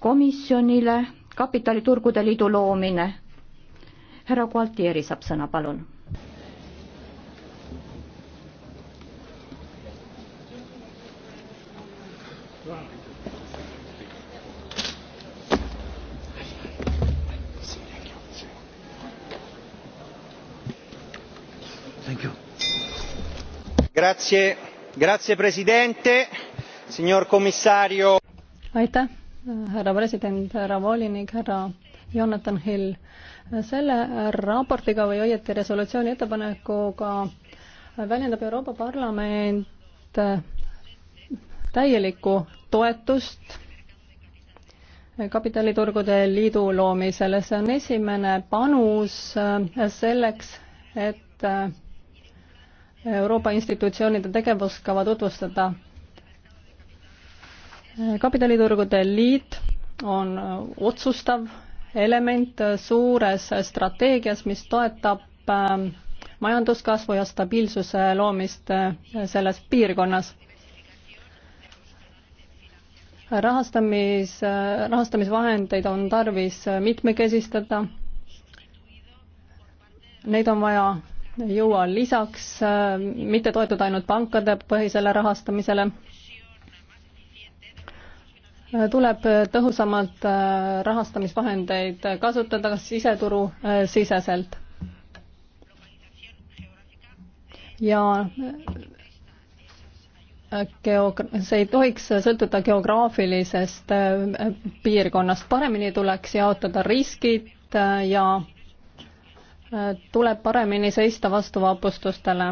komisjonile kapitaliturgude liidu loomine. härra Gualtieri saab sõna, palun. grazie presidente signor commissario aitäh härra president, härra volinik, härra Jonathan Hill. selle raportiga või õieti resolutsiooni ettepanekuga väljendab Euroopa Parlament täielikku toetust kapitaliturgude liidu loomisele, see on esimene panus selleks, et Euroopa institutsioonide tegevuskava tutvustada kapitaliturgude liit on otsustav element suures strateegias, mis toetab ähm, majanduskasvu ja stabiilsuse loomist äh, selles piirkonnas. rahastamis, äh, rahastamisvahendeid on tarvis mitmekesistada. Neid on vaja juua lisaks, äh, mitte toetuda ainult pankade põhisele rahastamisele tuleb tõhusamalt äh, rahastamisvahendeid kasutada siseturu äh, siseselt. ja äh, geog-, see ei tohiks sõltuda geograafilisest piirkonnast, paremini tuleks jaotada riskid ja tuleb paremini seista vastu vapustustele.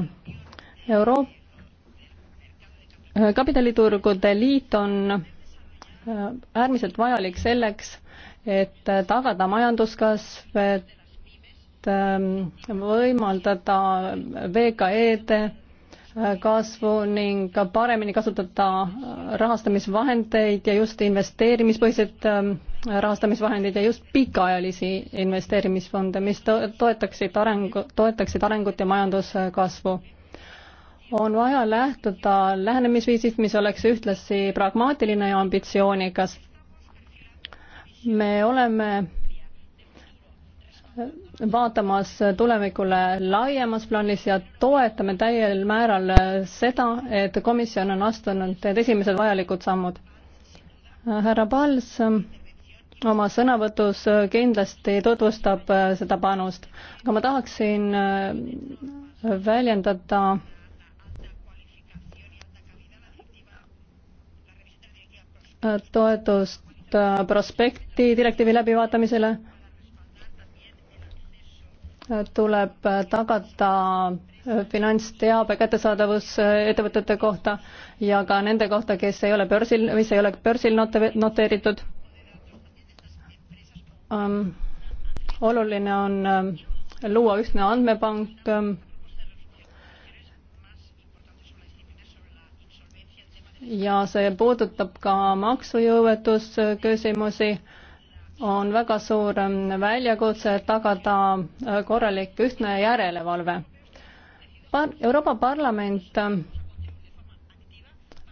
Euroopa kapitaliturgude liit on Äh, äärmiselt vajalik selleks, et äh, tagada majanduskasv, et ähm, võimaldada VKE-de äh, kasvu ning ka paremini kasutada rahastamisvahendeid ja just investeerimispõhised ähm, rahastamisvahendid ja just pikaajalisi investeerimisfonde, mis toetaksid arengu, toetaksid arengut ja majanduskasvu on vaja lähtuda lähenemisviisist, mis oleks ühtlasi pragmaatiline ja ambitsioonikas. me oleme vaatamas tulevikule laiemas plaanis ja toetame täiel määral seda, et komisjon on astunud need esimesed vajalikud sammud. härra Pals oma sõnavõtus kindlasti tutvustab seda panust, aga ma tahaksin väljendada toetust äh, prospekti direktiivi läbivaatamisele tuleb äh, tagada äh, finantsteabe kättesaadavus ettevõtete kohta ja ka nende kohta, kes ei ole börsil, mis ei ole börsil noteeritud. Ähm, oluline on ähm, luua ühtne andmepank ähm, ja see puudutab ka maksujõuetusküsimusi, on väga suur ähm, väljakutse tagada äh, korralik ühtne järelevalve. Par-, Euroopa Parlament ähm,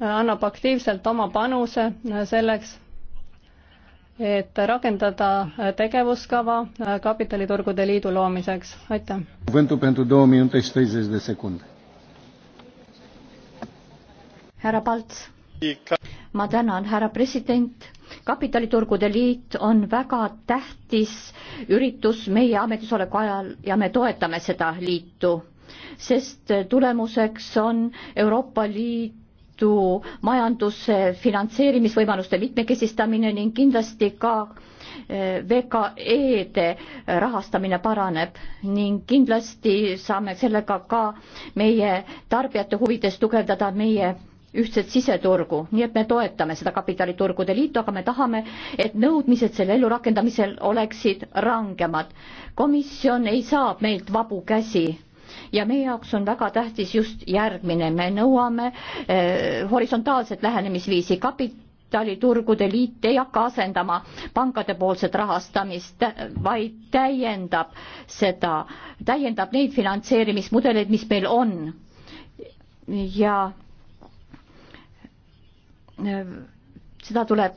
annab aktiivselt oma panuse äh, selleks, et rakendada äh, tegevuskava kapitaliturgude liidu loomiseks, aitäh härra Palts. ma tänan, härra president. kapitaliturgude liit on väga tähtis üritus meie ametisoleku ajal ja me toetame seda liitu, sest tulemuseks on Euroopa Liit Liidu majanduse finantseerimisvõimaluste mitmekesistamine ning kindlasti ka eh, VKE-de rahastamine paraneb ning kindlasti saame sellega ka meie tarbijate huvides tugevdada meie ühtset siseturgu, nii et me toetame seda kapitaliturgude liitu, aga me tahame, et nõudmised selle ellurakendamisel oleksid rangemad. komisjon ei saa meilt vabu käsi ja meie jaoks on väga tähtis just järgmine, me nõuame eh, horisontaalset lähenemisviisi kapit-, kapitaliturgude liit ei hakka asendama pankade poolset rahastamist, vaid täiendab seda, täiendab neid finantseerimismudeleid, mis meil on. ja Äh, seda tuleb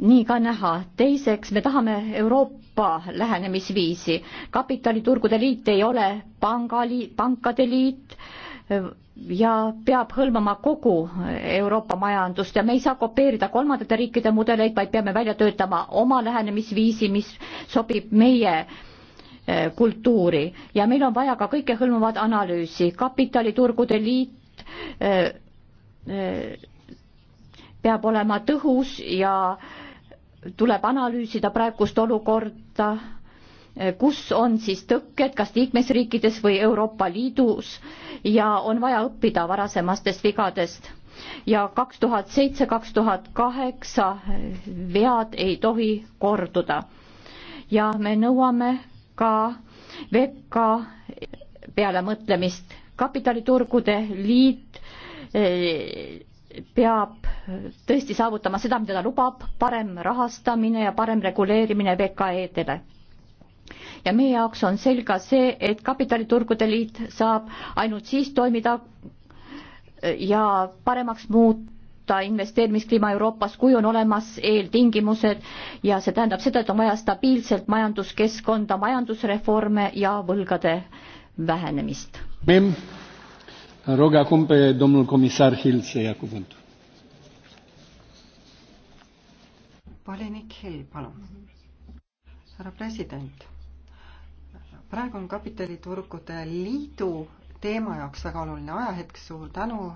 nii ka näha. teiseks, me tahame Euroopa lähenemisviisi. kapitaliturgude liit ei ole pangaliit, pankade liit äh, ja peab hõlmama kogu Euroopa majandust ja me ei saa kopeerida kolmandate riikide mudeleid, vaid peame välja töötama oma lähenemisviisi, mis sobib meie äh, kultuuri ja meil on vaja ka kõikehõlmavat analüüsi. kapitaliturgude liit peab olema tõhus ja tuleb analüüsida praegust olukorda, kus on siis tõkked, kas liikmesriikides või Euroopa Liidus ja on vaja õppida varasemastest vigadest. ja kaks tuhat seitse, kaks tuhat kaheksa vead ei tohi korduda. ja me nõuame ka VK peale mõtlemist. kapitaliturgude liit eh, peab tõesti saavutama seda, mida ta lubab, parem rahastamine ja parem reguleerimine VKE-dele. ja meie jaoks on selge ka see, et kapitaliturgude liit saab ainult siis toimida ja paremaks muuta investeerimiskliima Euroopas, kui on olemas eeltingimused ja see tähendab seda, et on vaja stabiilselt majanduskeskkonda, majandusreforme ja võlgade vähenemist. Rog acum pe domnul comisar Hill să ia cuvântul. volinik Hill, palun. härra president, praegu on kapitaliturgude liidu teema jaoks väga oluline ajahetk, suur tänu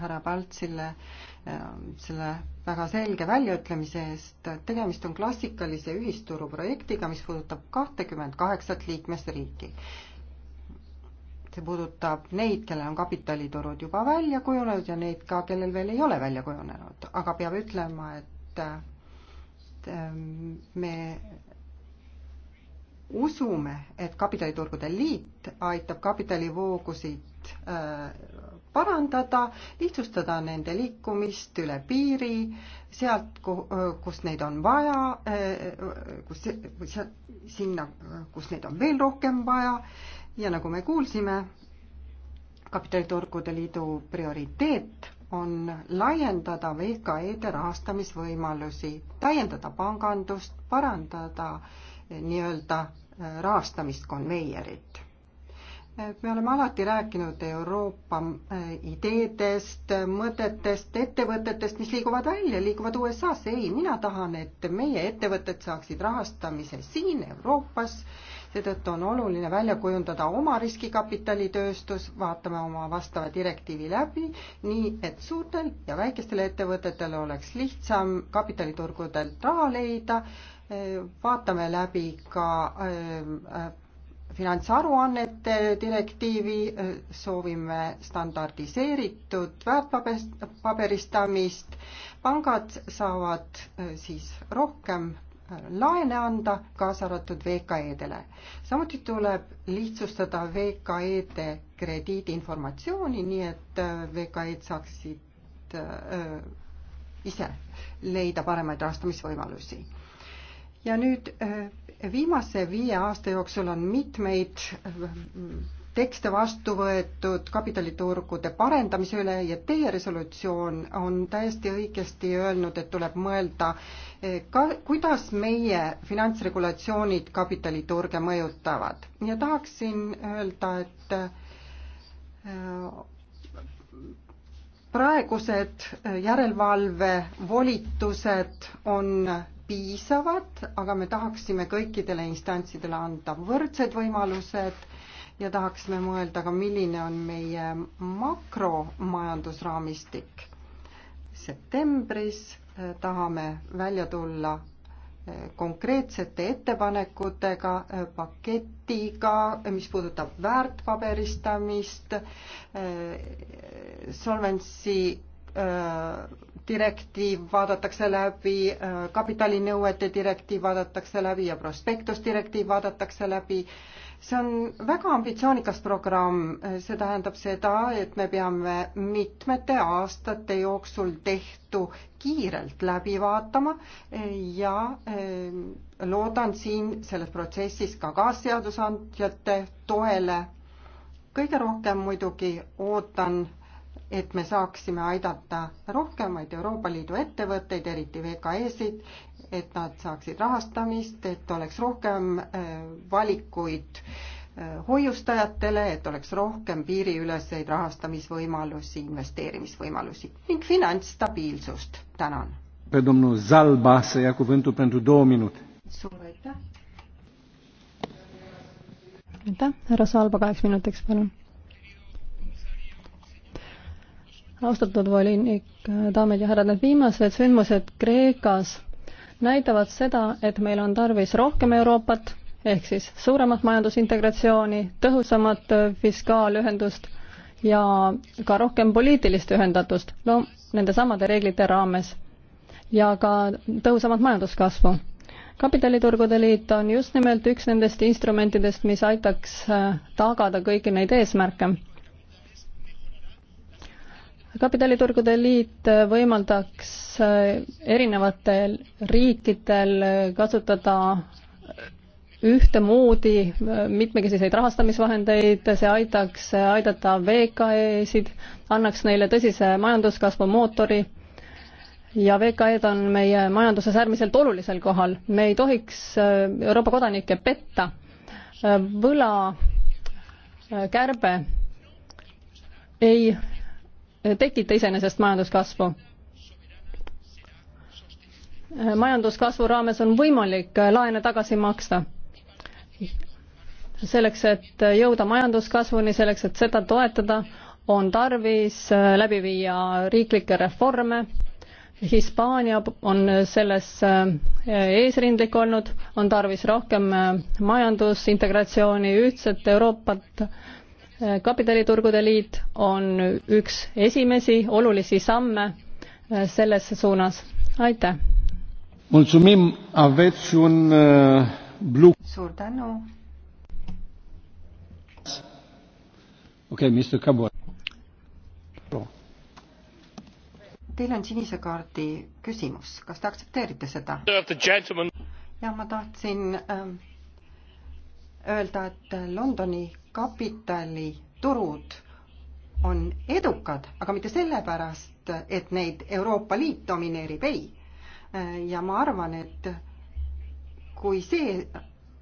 härra Paltsile eh, selle väga selge väljaütlemise eest. tegemist on klassikalise ühisturu projektiga, mis puudutab kahtekümmet kaheksat liikmesriiki see puudutab neid, kellel on kapitaliturud juba välja kujunenud ja neid ka, kellel veel ei ole välja kujunenud, aga peab ütlema, et ähm, me usume, et kapitaliturgude liit aitab kapitalivoogusid äh, parandada, lihtsustada nende liikumist üle piiri, sealt, äh, kus neid on vaja, äh, kus, sinna, kus neid on veel rohkem vaja ja nagu me kuulsime, kapitaliturgude liidu prioriteet on laiendada VKE-de rahastamisvõimalusi, täiendada pangandust, parandada eh, nii-öelda eh, rahastamist konveierit. me oleme alati rääkinud Euroopa eh, ideedest, mõtetest, ettevõtetest, mis liiguvad välja, liiguvad USA-sse, ei, mina tahan, et meie ettevõtted saaksid rahastamise siin Euroopas seetõttu on oluline välja kujundada oma riskikapitalitööstus, vaatame oma vastava direktiivi läbi, nii et suurtel ja väikestel ettevõtetel oleks lihtsam kapitaliturgudelt raha leida, eh, vaatame läbi ka eh, eh, finantsaruannete direktiivi, soovime standardiseeritud väärtpaberistamist, pangad saavad siis rohkem laene anda, kaasa arvatud VKE-dele. samuti tuleb lihtsustada VKE-de krediidiinformatsiooni, nii et äh, VKE-d saaksid öö, äh, ise leida paremaid rahastamisvõimalusi. ja nüüd öö, äh, viimase viie aasta jooksul on mitmeid tekste vastu võetud kapitaliturgude parendamise üle ja teie resolutsioon on täiesti õigesti öelnud, et tuleb mõelda eh, ka, kuidas meie finantsregulatsioonid kapitaliturge mõjutavad. ja tahaksin öelda, et eh, praegused eh, järelevalvevolitused on piisavad, aga me tahaksime kõikidele instantsidele anda võrdsed võimalused ja tahaksime mõelda ka, milline on meie makromajandusraamistik. septembris äh, tahame välja tulla äh, konkreetsete ettepanekutega, äh, paketiga, mis puudutab väärtpaberistamist, solventsi direktiiv vaadatakse läbi, kapitalinõuete direktiiv vaadatakse läbi ja prospektusdirektiiv vaadatakse läbi see on väga ambitsioonikas programm, see tähendab seda, et me peame mitmete aastate jooksul tehtu kiirelt läbi vaatama ja ehm, loodan siin selles protsessis ka kaasseadusandjate toele. kõige rohkem muidugi ootan et me saaksime aidata rohkemaid Euroopa Liidu ettevõtteid, eriti VKE-sid, et nad saaksid rahastamist, et oleks rohkem äh, valikuid äh, hoiustajatele, et oleks rohkem piiriüleseid rahastamisvõimalusi, investeerimisvõimalusi ning finantsstabiilsust. tänan. suur aitäh. aitäh, härra Salba kaheks minutiks, palun austatud volinik, daamid ja härrad, need viimased sündmused Kreekas näitavad seda, et meil on tarvis rohkem Euroopat, ehk siis suuremat majandusintegratsiooni, tõhusamat fiskaalühendust ja ka rohkem poliitilist ühendatust, no nendesamade reeglite raames, ja ka tõhusamat majanduskasvu. kapitaliturgude liit on just nimelt üks nendest instrumentidest, mis aitaks tagada kõiki neid eesmärke kapitaliturgude liit võimaldaks äh, erinevatel riikidel kasutada ühtemoodi äh, mitmekesiseid rahastamisvahendeid, see aitaks aidata VKE-sid, annaks neile tõsise majanduskasvu mootori ja VKE-d on meie majanduses äärmiselt olulisel kohal. me ei tohiks äh, Euroopa kodanikke petta. võlakärbe ei tekita iseenesest majanduskasvu. majanduskasvu raames on võimalik laene tagasi maksta. selleks, et jõuda majanduskasvuni, selleks, et seda toetada, on tarvis läbi viia riiklikke reforme, Hispaania on selles eesrindlik olnud, on tarvis rohkem majandusintegratsiooni, ühtset Euroopat, kapitaliturgude liit on üks esimesi olulisi samme äh, selles suunas. aitäh! Äh, suur tänu! okei okay,, Mr Cabo. Teil on sinise kaardi küsimus, kas te aktsepteerite seda? ja ma tahtsin ähm, öelda, et Londoni kapitaliturud on edukad, aga mitte sellepärast, et neid Euroopa Liit domineerib, ei. ja ma arvan, et kui see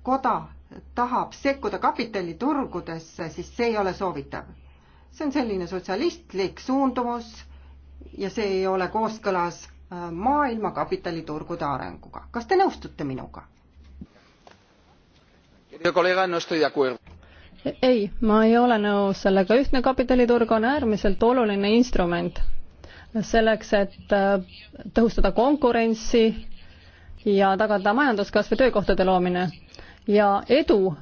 koda tahab sekkuda kapitaliturgudesse, siis see ei ole soovitav. see on selline sotsialistlik suundumus ja see ei ole kooskõlas äh, maailma kapitaliturgude arenguga. kas te nõustute minuga? ei, ma ei ole nõus sellega, ühtne kapitaliturg on äärmiselt oluline instrument selleks, et äh, tõhustada konkurentsi ja tagada majanduskasv ja töökohtade loomine. ja edu,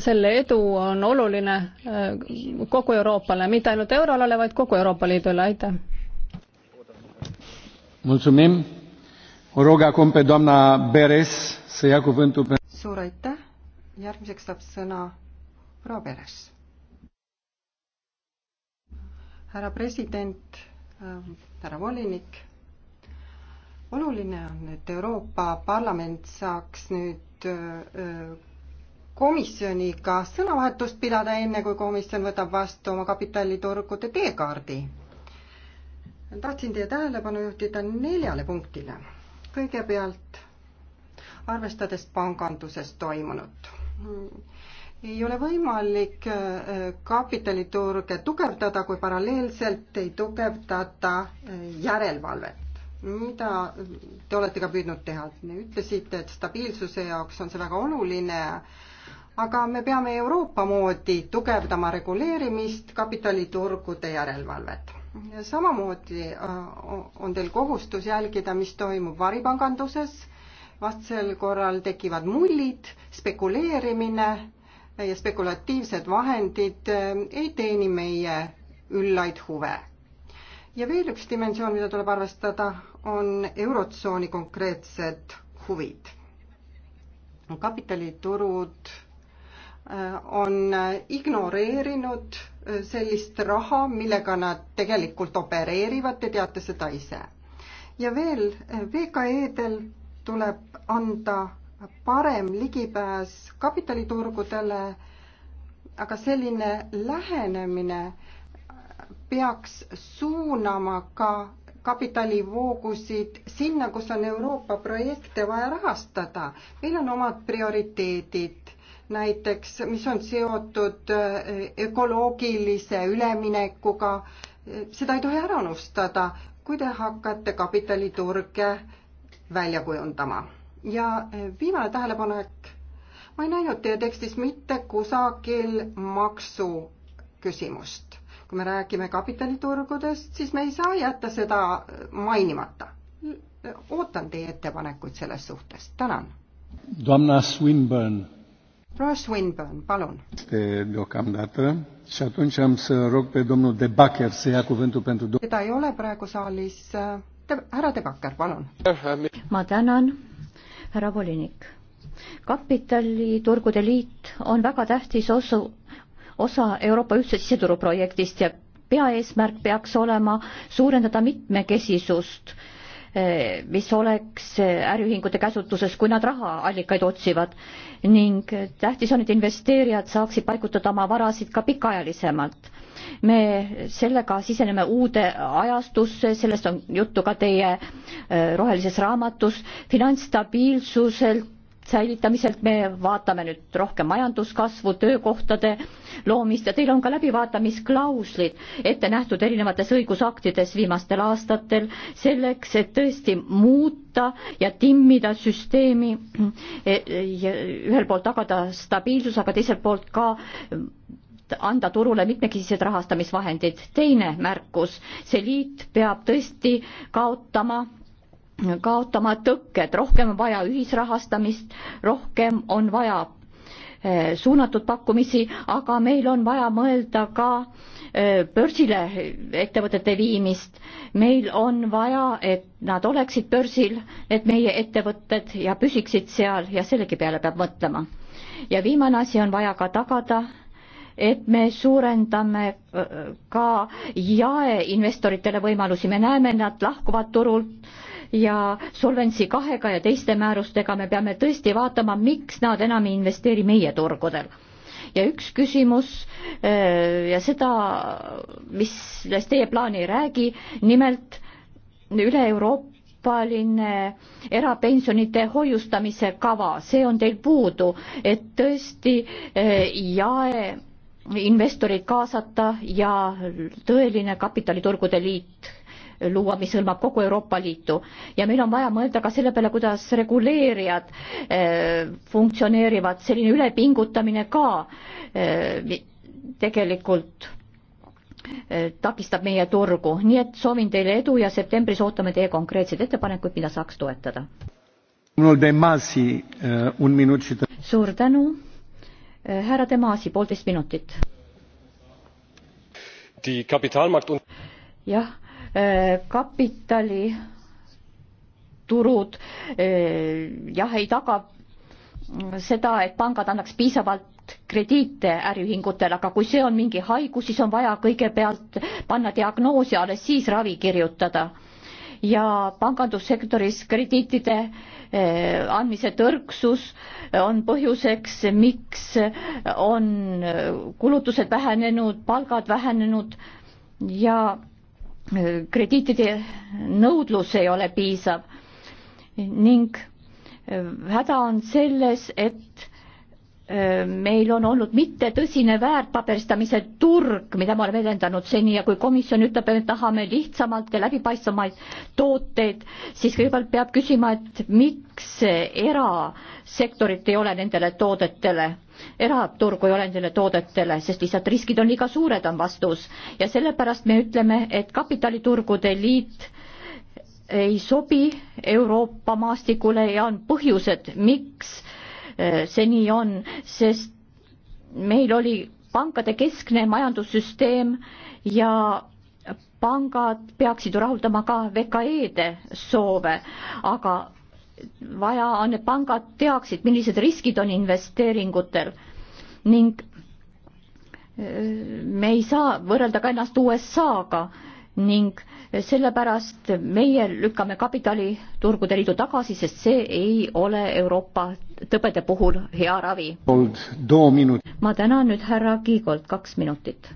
selle edu on oluline äh, kogu Euroopale, mitte ainult euroalale, vaid kogu Euroopa Liidule, aitäh. mulțumim, o rog acum pe doamna Beres să ia cuvântul pe suur aitäh järgmiseks saab sõna proua Peres. härra president, härra volinik, oluline on, et Euroopa Parlament saaks nüüd komisjoniga sõnavahetust pidada, enne kui komisjon võtab vastu oma kapitaliturgude teekaardi. tahtsin teie tähelepanu juhtida neljale punktile. kõigepealt arvestades panganduses toimunut ei ole võimalik äh, kapitaliturge tugevdada, kui paralleelselt ei tugevdata äh, järelevalvet, mida te olete ka püüdnud teha. ütlesite, et stabiilsuse jaoks on see väga oluline, aga me peame Euroopa moodi tugevdama reguleerimist, kapitaliturgude järelevalvet. samamoodi äh, on teil kohustus jälgida, mis toimub varipanganduses vastasel korral tekivad mullid, spekuleerimine ja spekulatiivsed vahendid eh, ei teeni meie üllaid huve. ja veel üks dimensioon, mida tuleb arvestada, on Eurotsooni konkreetsed huvid. kapitaliturud eh, on eh, ignoreerinud sellist raha, millega nad tegelikult opereerivad, te teate seda ise. ja veel, VKE-del tuleb anda parem ligipääs kapitaliturgudele, aga selline lähenemine peaks suunama ka kapitalivoogusid sinna, kus on Euroopa projekte vaja rahastada. meil on omad prioriteedid, näiteks mis on seotud äh, ökoloogilise üleminekuga, seda ei tohi ära unustada, kui te hakkate kapitaliturge välja kujundama. ja eh, viimane tähelepanek, ma ei näinud teie tekstis mitte kusagil maksuküsimust. kui me räägime kapitaliturgudest, siis me ei saa jätta seda eh, mainimata. ootan teie ettepanekuid selles suhtes, tänan. Doamna Swinburne. Proua Swinburne, palun. Este deocamdată și atunci am să rog pe domnul De Bacher să ia cuvântul pentru... Teda ei ole praegu saalis. Eh, härra De Bacher, palun ma tänan, härra volinik. kapitaliturgude liit on väga tähtis osu, osa Euroopa ühtse siseturu projektist ja peaeesmärk peaks olema suurendada mitmekesisust äh, Eh, mis oleks eh, äriühingute käsutuses, kui nad rahaallikaid otsivad ning tähtis on, et investeerijad saaksid paigutada oma varasid ka pikaajalisemalt. me sellega siseneme uude ajastusse, sellest on juttu ka teie eh, rohelises raamatus, finantsstabiilsuselt säilitamiselt me vaatame nüüd rohkem majanduskasvu, töökohtade loomist ja teil on ka läbivaatamisklauslid ette nähtud erinevates õigusaktides viimastel aastatel selleks, et tõesti muuta ja timmida süsteemi, e, e, ühelt poolt tagada stabiilsus, aga teiselt poolt ka anda turule mitmekesised rahastamisvahendid. teine märkus, see liit peab tõesti kaotama kaotama tõkked, rohkem on vaja ühisrahastamist, rohkem on vaja eh, suunatud pakkumisi, aga meil on vaja mõelda ka eh, börsile ettevõtete viimist. meil on vaja, et nad oleksid börsil, et meie ettevõtted ja püsiksid seal ja sellegi peale peab mõtlema. ja viimane asi on vaja ka tagada, et me suurendame eh, ka jaeinvestoritele võimalusi, me näeme, nad lahkuvad turult ja Solvency kahega ja teiste määrustega me peame tõesti vaatama, miks nad enam ei investeeri meie turgudel. ja üks küsimus äh, ja seda, mis, millest teie plaan ei räägi, nimelt üle Euroopa euroopaline erapensionite hoiustamise kava, see on teil puudu, et tõesti äh, jaeinvestorid kaasata ja tõeline kapitaliturgude liit luua, mis hõlmab kogu Euroopa Liitu. ja meil on vaja mõelda ka selle peale, kuidas reguleerijad eh, funktsioneerivad, selline ülepingutamine ka eh, tegelikult eh, takistab meie turgu, nii et soovin teile edu ja septembris ootame teie konkreetseid ettepanekuid, mida saaks toetada. Eh, suur tänu, eh, härra Demasi, poolteist minutit. jah Äh, kapitaliturud äh, jah, ei taga seda, et pangad annaks piisavalt krediite äriühingutele, aga kui see on mingi haigus, siis on vaja kõigepealt panna diagnoos ja alles siis ravi kirjutada. ja pangandussektoris krediitide äh, andmise tõrksus on põhjuseks, miks on kulutused vähenenud, palgad vähenenud ja krediitide nõudlus ei ole piisav ning äh, häda on selles, et meil on olnud mittetõsine väärtpaberistamise turg, mida me oleme edendanud seni ja kui komisjon ütleb, et me tahame lihtsamalt ja läbipaistvamaid tooteid, siis kõigepealt peab küsima, et miks erasektorit ei ole nendele toodetele, eraturgu ei ole nendele toodetele, sest lihtsalt riskid on liiga suured, on vastus. ja sellepärast me ütleme, et kapitaliturgude liit ei sobi Euroopa maastikule ja on põhjused, miks äh, Äh, see nii on, sest meil oli pankade keskne majandussüsteem ja pangad peaksid ju rahuldama ka VKE-de soove, aga vaja on, et pangad teaksid, millised riskid on investeeringutel ning äh, me ei saa võrrelda ka ennast USA-ga ning sellepärast meie lükkame kapitaliturgude liidu tagasi, sest see ei ole Euroopa tõbede puhul hea ravi. ma tänan nüüd härra Kiigolt, kaks minutit.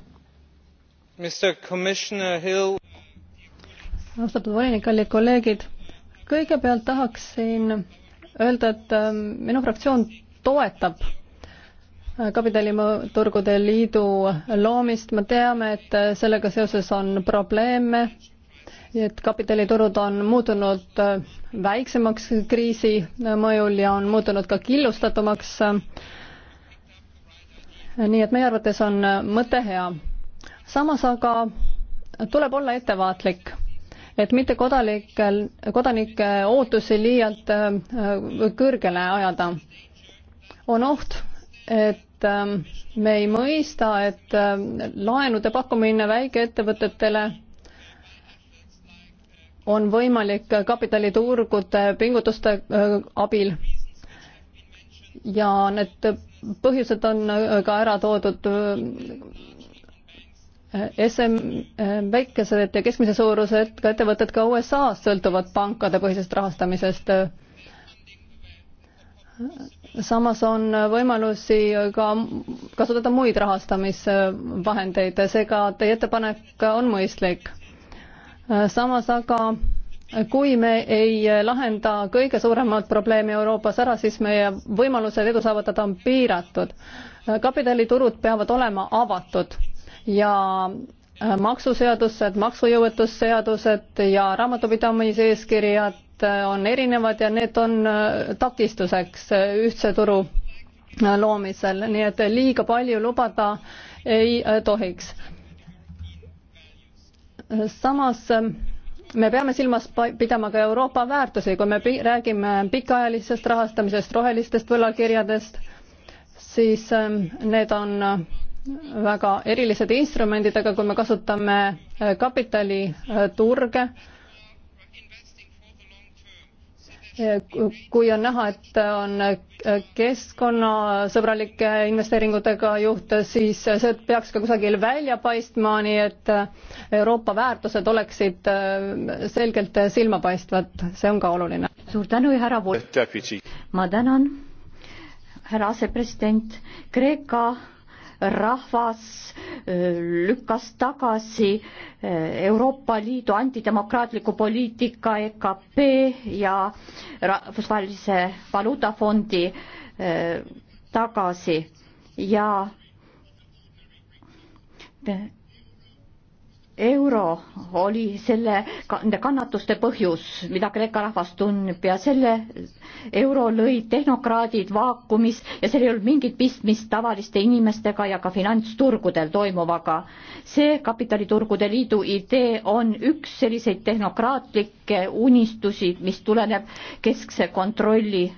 austatud volinik, kallid kolleegid, kõigepealt tahaksin öelda, et ähm, minu fraktsioon toetab äh, kapitaliturgude liidu loomist, me teame, et sellega seoses on probleeme nii et kapitaliturud on muutunud äh, väiksemaks kriisi äh, mõjul ja on muutunud ka killustatumaks. Äh, nii et meie arvates on mõte hea. samas aga tuleb olla ettevaatlik, et mitte kodanikel, kodanike ootusi liialt kõrgele ajada. on oht, et me ei mõista, et laenude pakkumine väikeettevõtetele on võimalik kapitaliturgude pingutuste äh, abil ja need põhjused on äh, ka ära toodud äh, SM, väikesed ja keskmise suurusega ettevõtted ka USA-s sõltuvad pankade põhisest rahastamisest. samas on võimalusi ka kasutada muid rahastamisvahendeid, seega teie ettepanek on mõistlik Äh, samas aga äh, kui me ei äh, lahenda kõige suuremat probleemi Euroopas ära, siis meie võimalused edu saavutada on piiratud. kapitaliturud peavad olema avatud ja maksuseadused, maksujõuetusseadused ja raamatupidamise eeskirjad on erinevad ja need on takistuseks ühtse turu loomisel, nii et liiga palju lubada ei tohiks samas ähm, me peame silmas pidama ka Euroopa väärtusi, kui me räägime pikaajalisest rahastamisest, rohelistest võlakirjadest, siis ähm, need on äh, väga erilised instrumendid, aga kui me kasutame äh, kapitaliturge, kui on näha, et on keskkonnasõbralike investeeringutega juht, siis see peaks ka kusagil välja paistma, nii et Euroopa väärtused oleksid selgelt silmapaistvad, see on ka oluline. suur tänu ja härra Vool-. ma tänan, härra asepresident. Kreeka rahvas äh, lükkas tagasi äh, Euroopa Liidu antidemokraatliku poliitika EKP ja Rahvusvahelise Valuutafondi äh, tagasi ja euro oli selle, nende kannatuste põhjus, mida Kreeka rahvas tunneb ja selle euro lõid tehnokraadid vaakumis ja seal ei olnud mingit pistmist tavaliste inimestega ja ka finantsturgudel toimuvaga. see kapitaliturgude liidu idee on üks selliseid tehnokraatlikke unistusi, mis tuleneb keskse kontrolli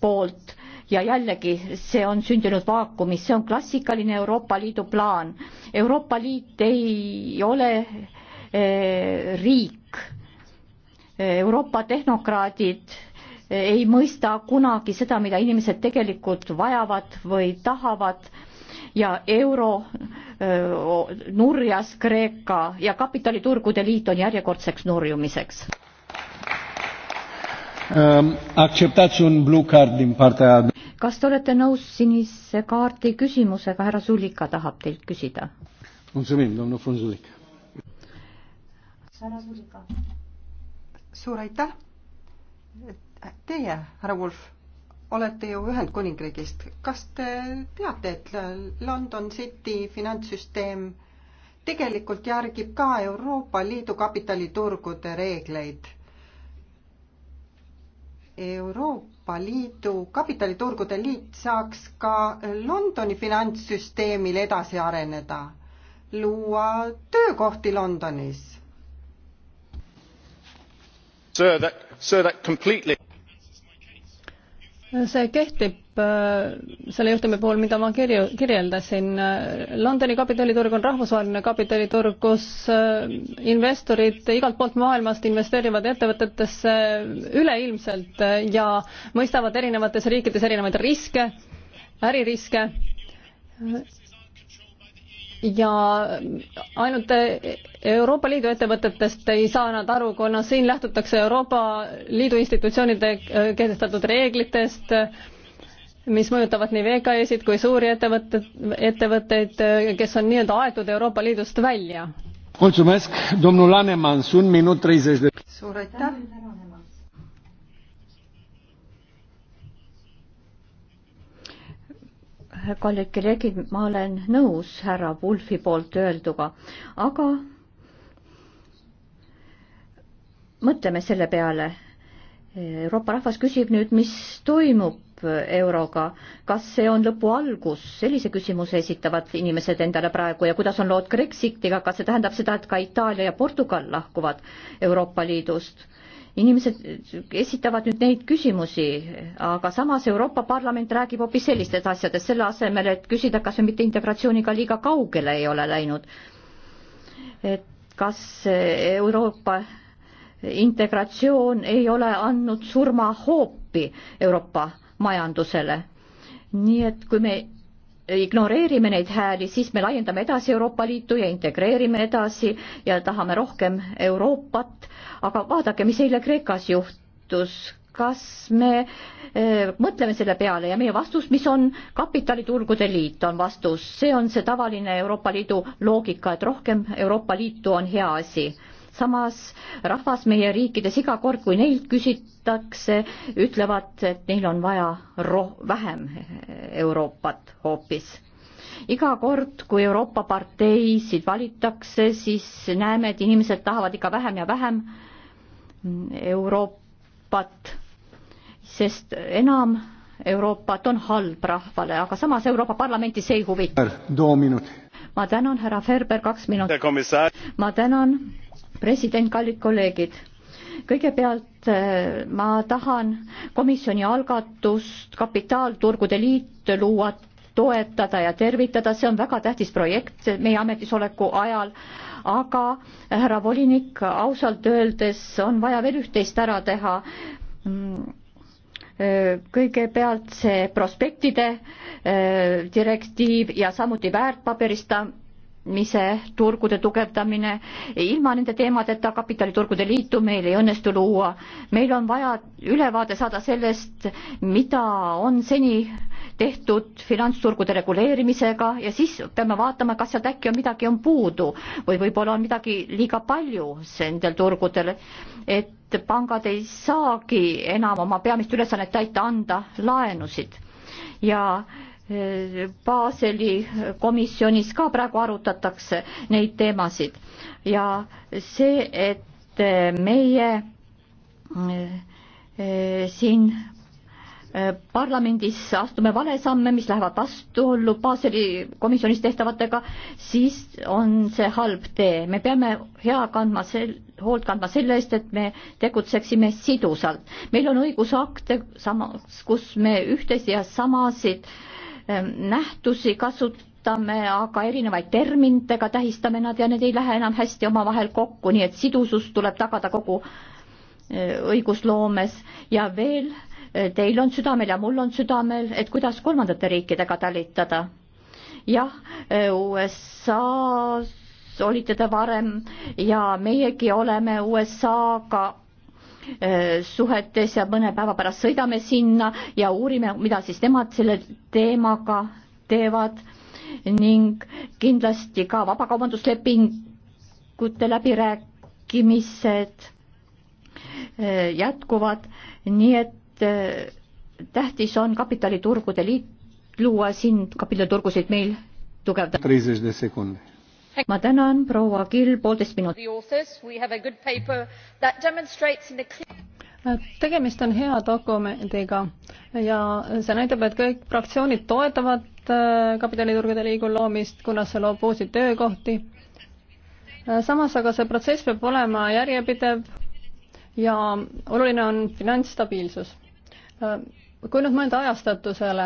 poolt ja jällegi, see on sündinud vaakumis, see on klassikaline Euroopa Liidu plaan. Euroopa Liit ei ole eh, riik. Eh, Euroopa tehnokraadid eh, ei mõista kunagi seda, mida inimesed tegelikult vajavad või tahavad ja euro eh, nurjas Kreeka ja kapitaliturgude liit on järjekordseks nurjumiseks. Ehm, acceptați un blue card din partea... Kas te olete nõus sinise kaardi küsimusega? Härra Zulika tahab teilt küsida. Mulțumim, domnul Frunzulik. Härra Zulika. Suur aitäh. Teie, härra Wolf, olete ju Ühendkuningriigist. Kas te teate, et London City finantssüsteem tegelikult järgib ka Euroopa Liidu kapitaliturgude reegleid? Euroopa Liidu kapitaliturgude liit saaks ka Londoni finantssüsteemil edasi areneda, luua töökohti Londonis. Sir, that, sir, that completely see kehtib äh, selle juhtumi puhul, mida ma kirju-, kirjeldasin. Londoni kapitaliturg on rahvusvaheline kapitaliturg, kus äh, investorid igalt poolt maailmast investeerivad ettevõtetesse üleilmselt äh, ja mõistavad erinevates riikides erinevaid riske, äririske ja ainult Euroopa Liidu ettevõtetest ei saa nad aru, kuna siin lähtutakse Euroopa Liidu institutsioonide äh, kehtestatud reeglitest, mis mõjutavad nii VKE-sid kui suuri ettevõtte, ettevõtteid, äh, kes on nii-öelda aetud Euroopa Liidust välja. suur aitäh. kallid kolleegid, ma olen nõus härra Wulfi poolt öelduga, aga mõtleme selle peale. Euroopa rahvas küsib nüüd, mis toimub euroga, kas see on lõpu algus, sellise küsimuse esitavad inimesed endale praegu ja kuidas on lood Brexitiga, kas see tähendab seda, et ka Itaalia ja Portugal lahkuvad Euroopa Liidust? inimesed esitavad nüüd neid küsimusi, aga samas Euroopa Parlament räägib hoopis sellistest asjadest, selle asemel, et küsida, kas me mitte integratsiooniga liiga kaugele ei ole läinud. et kas Euroopa integratsioon ei ole andnud surmahoopi Euroopa majandusele. nii et kui me ignoreerime neid hääli, siis me laiendame edasi Euroopa Liitu ja integreerime edasi ja tahame rohkem Euroopat, aga vaadake, mis eile Kreekas juhtus, kas me öö, eh, mõtleme selle peale ja meie vastus, mis on kapitaliturgude liit, on vastus, see on see tavaline Euroopa Liidu loogika, et rohkem Euroopa Liitu on hea asi samas rahvas meie riikides iga kord, kui neilt küsitakse, ütlevad, et neil on vaja roh-, vähem Euroopat hoopis iga kord, kui Euroopa parteisid valitakse, siis näeme, et inimesed tahavad ikka vähem ja vähem Euroopat, sest enam Euroopat on halb rahvale, aga samas Euroopa Parlamenti see ei huvita. ma tänan, härra Ferber, kaks minutit. ma tänan president, kallid kolleegid kõigepealt äh, ma tahan komisjoni algatust Kapitaalturgude Liit luua, toetada ja tervitada, see on väga tähtis projekt meie ametisoleku ajal, aga härra volinik, ausalt öeldes on vaja veel üht-teist ära teha. Mm, äh, kõigepealt see prospektide äh, direktiiv ja samuti väärtpaberista mise, turgude tugevdamine, ilma nende teemadeta kapitaliturgude liitu meil ei õnnestu luua. meil on vaja ülevaade saada sellest, mida on seni tehtud finantsturgude reguleerimisega ja siis peame vaatama, kas sealt äkki on midagi on puudu või võib-olla on midagi liiga palju nendel turgudel, et pangad ei saagi enam oma peamist ülesannet täita, anda laenusid ja Baseli komisjonis ka praegu arutatakse neid teemasid ja see, et meie eh, siin eh, parlamendis astume valesamme, mis lähevad vastuollu Baseli komisjonis tehtavatega, siis on see halb tee. me peame hea kandma sel-, hoolt kandma selle eest, et me tegutseksime sidusalt. meil on õigusakte samas, kus me ühtesid ja samasid äh, Ehm, nähtusi kasutame, aga erinevaid terminitega tähistame nad ja need ei lähe enam hästi omavahel kokku, nii et sidusus tuleb tagada kogu eh, õigusloomes ja veel eh, teil on südamel ja mul on südamel, et kuidas kolmandate riikidega talitada. jah, eh, USA-s olite te varem ja meiegi oleme USA-ga Äh, suhetes ja mõne päeva pärast sõidame sinna ja uurime, mida siis nemad selle teemaga teevad ning kindlasti ka vabakaubanduslepingute läbirääkimised äh, jätkuvad, nii et äh, tähtis on kapitaliturgude liit luua siin kapitaliturgusid meil tugevdada ma tänan, proua Kill, poolteist minutit tegemist on hea dokumendiga ja see näitab, et kõik fraktsioonid toetavad äh, kapitaliturgude liigu loomist, kuna see loob uusi töökohti. Äh, samas aga see protsess peab olema järjepidev ja oluline on finantsstabiilsus äh, kui nüüd mõelda ajastatusele,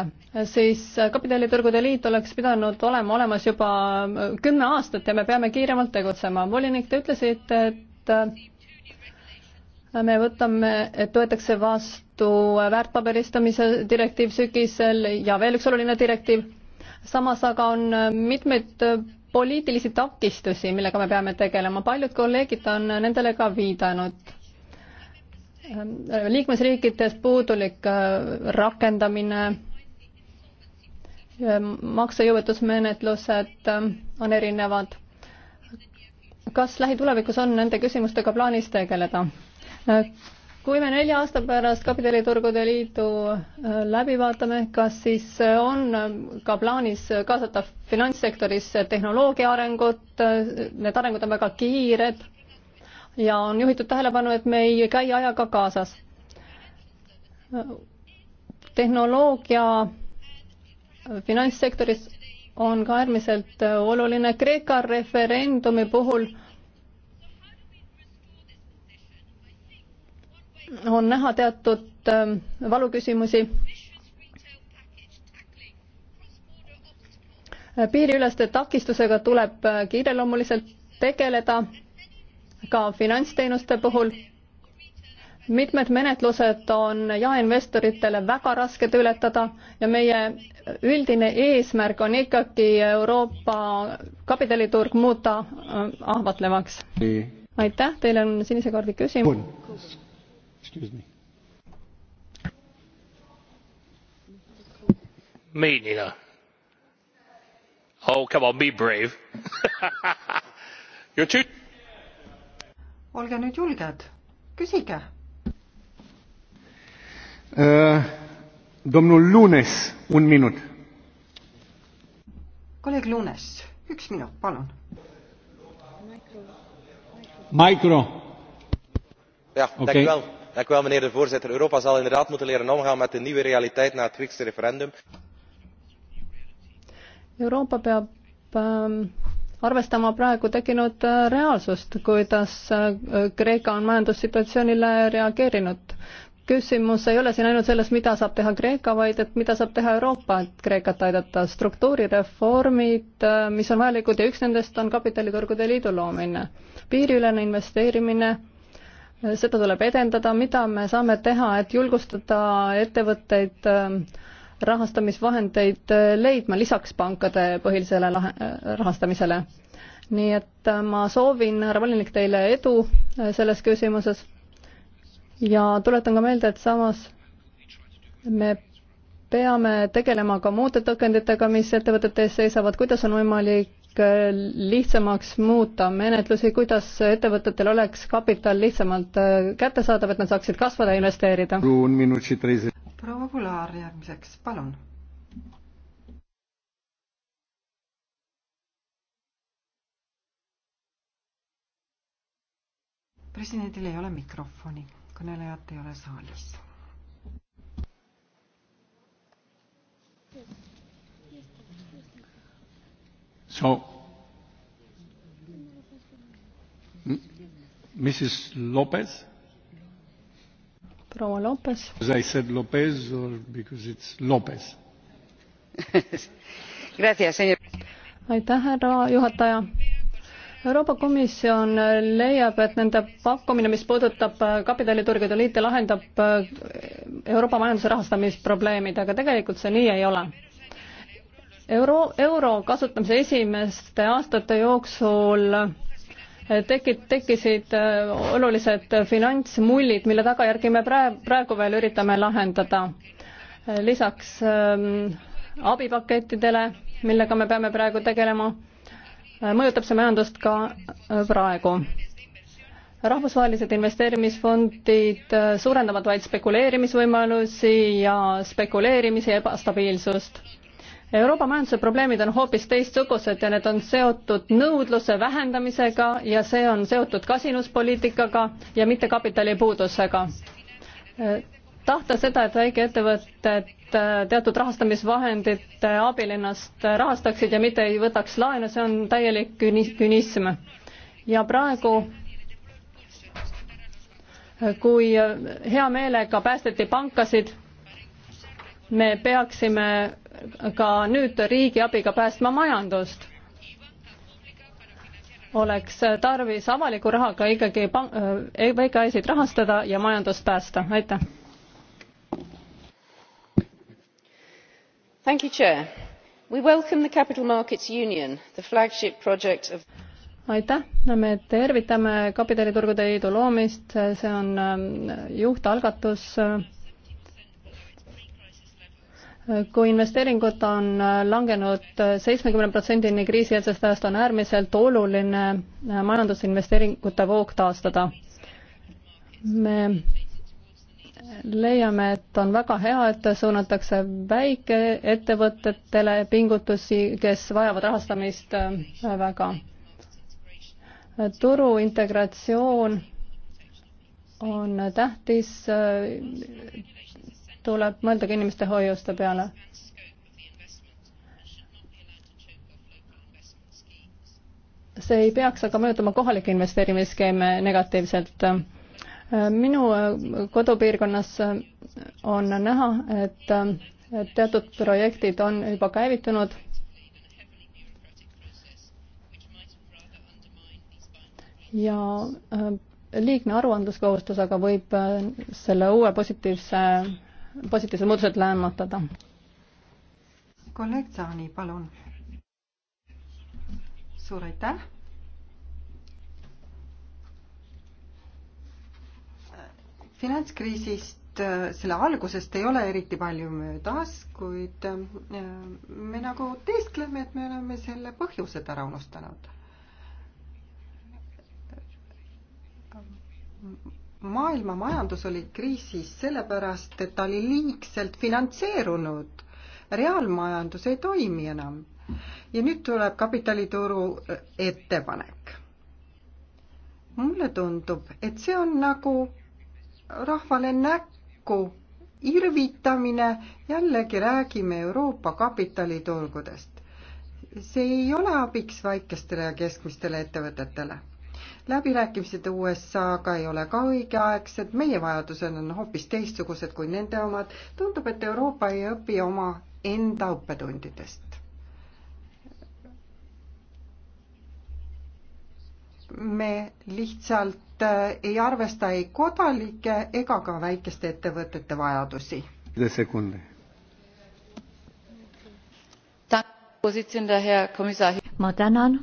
siis Kapitaliturgude Liit oleks pidanud olema olemas juba äh, kümme aastat ja me peame kiiremalt tegutsema. volinik, te ütlesite, et äh, me võtame, et võetakse vastu väärtpaberistamise direktiiv sügisel ja veel üks oluline direktiiv. samas aga on äh, mitmeid poliitilisi takistusi, millega me peame tegelema, paljud kolleegid on nendele ka viidanud Äh, liikmesriikides puudulik äh, rakendamine, äh, maksejõuetusmenetlused on erinevad. kas lähitulevikus on nende küsimustega plaanis tegeleda? kui me nelja aasta pärast Kapitaliturgude Liidu läbi vaatame, kas siis on ka plaanis kaasata finantssektoris tehnoloogia arengut, need arengud on väga kiired ja on juhitud tähelepanu, et me ei käi ajaga kaasas. tehnoloogia finantssektoris on ka äärmiselt oluline. Kreeka referendumi puhul on näha teatud ähm, valuküsimusi. piiriüleste takistusega tuleb äh, kiireloomuliselt tegeleda ka finantsteenuste puhul. mitmed menetlused on jaeinvestoritele väga rasked ületada ja meie üldine eesmärk on ikkagi Euroopa kapitaliturg muuta äh, ahvatlevaks. aitäh, teil on sinise kaardi küsimus. meinina oh come on be brave you are too olge nüüd julged, küsige äh,. Domnul Lunes, un minut. kolleeg Lunes, üks minut, palun. Micro. jah, tänan väga mijnheer de voorzitter europa zal inderdaad moeten leren omgaan met de nieuwe realiteit na het griekse referendum. europa peab ähm, arvestama praegu tekkinud äh, reaalsust, kuidas äh, Kreeka on majandussituatsioonile reageerinud. küsimus ei ole siin ainult selles, mida saab teha Kreeka, vaid et mida saab teha Euroopa, et Kreekat aidata. struktuurireformid, äh, mis on vajalikud ja üks nendest on kapitaliturgude liidu loomine. piiriülene investeerimine, seda tuleb edendada, mida me saame teha, et julgustada ettevõtteid äh, rahastamisvahendeid äh, leidma lisaks pankade põhilisele lahe, äh, rahastamisele. nii et äh, ma soovin, härra volinik, teile edu selles küsimuses ja tuletan ka meelde, et samas me peame tegelema ka muude tõkenditega, mis ettevõtete ees seisavad, kuidas on võimalik lihtsamaks muuta menetlusi, kuidas ettevõtetel oleks kapital lihtsamalt kättesaadav, et nad saaksid kasvada ja investeerida? proua Kulaar järgmiseks, palun. presidendil ei ole mikrofoni, kõnelejat ei ole saalis. So, Mrs. Lopez proua Lopes. I said Lopez or because it's Lopez aitäh, härra juhataja. Euroopa Komisjon leiab, et nende pakkumine, mis puudutab äh, kapitaliturgude liite, lahendab äh, Euroopa majanduse rahastamisprobleemid, aga tegelikult see nii ei ole. euro, euro kasutamise esimeste aastate jooksul tekid, tekkisid äh, olulised finantsmullid, mille tagajärgi me praegu, praegu veel üritame lahendada. Äh, lisaks ähm, abipakettidele, millega me peame praegu tegelema, äh, mõjutab see majandust ka praegu. rahvusvahelised investeerimisfondid suurendavad vaid spekuleerimisvõimalusi ja spekuleerimise ebastabiilsust Euroopa majanduse probleemid on hoopis teistsugused ja need on seotud nõudluse vähendamisega ja see on seotud kasinuspoliitikaga ja mitte kapitalipuudusega. tahta seda, et väikeettevõtted äh, teatud rahastamisvahendite abil ennast rahastaksid ja mitte ei võtaks laenu, see on täielik künism. ja praegu kui hea meelega päästeti pankasid, me peaksime ka nüüd riigiabiga päästma majandust. oleks tarvis avaliku rahaga ikkagi äh, väikeaisid rahastada ja majandust päästa, aitäh. Thank you, Chair. We welcome the Capital Markets Union, the flagship project of aitäh, me tervitame kapitaliturgude liidu loomist, see on ähm, juhtalgatus äh, kui investeeringud on äh, langenud äh, seitsmekümne protsendini kriisieelsest ajast, on äärmiselt oluline äh, majandusinvesteeringute voog taastada. me leiame, et on väga hea, et suunatakse väikeettevõtetele pingutusi, kes vajavad rahastamist väga. turu integratsioon on tähtis tuleb mõelda ka inimeste hoiuste peale. see ei peaks aga mõjutama kohalikke investeerimisskeeme negatiivselt. minu kodupiirkonnas on näha, et teatud projektid on juba käivitunud ja liigne aruandluskohustus aga võib selle uue positiivse positiivsed muutused lämmatada. kolleeg Taani, palun. suur aitäh. finantskriisist, äh, selle algusest ei ole eriti palju möödas, kuid äh, me nagu teeskleme, et me oleme selle põhjused ära unustanud maailma majandus oli kriisis sellepärast, et ta oli liigselt finantseerunud. reaalmajandus ei toimi enam. ja nüüd tuleb kapitalituru ettepanek. mulle tundub, et see on nagu rahvale näkku irvitamine, jällegi räägime Euroopa kapitaliturgudest. see ei ole abiks väikestele ja keskmistele ettevõtetele läbirääkimised USA-ga ei ole ka õigeaegsed, meie vajadused on hoopis teistsugused kui nende omad. tundub, et Euroopa ei õpi oma enda õppetundidest. me lihtsalt äh, ei arvesta ei kodanike ega ka väikeste ettevõtete vajadusi. ma tänan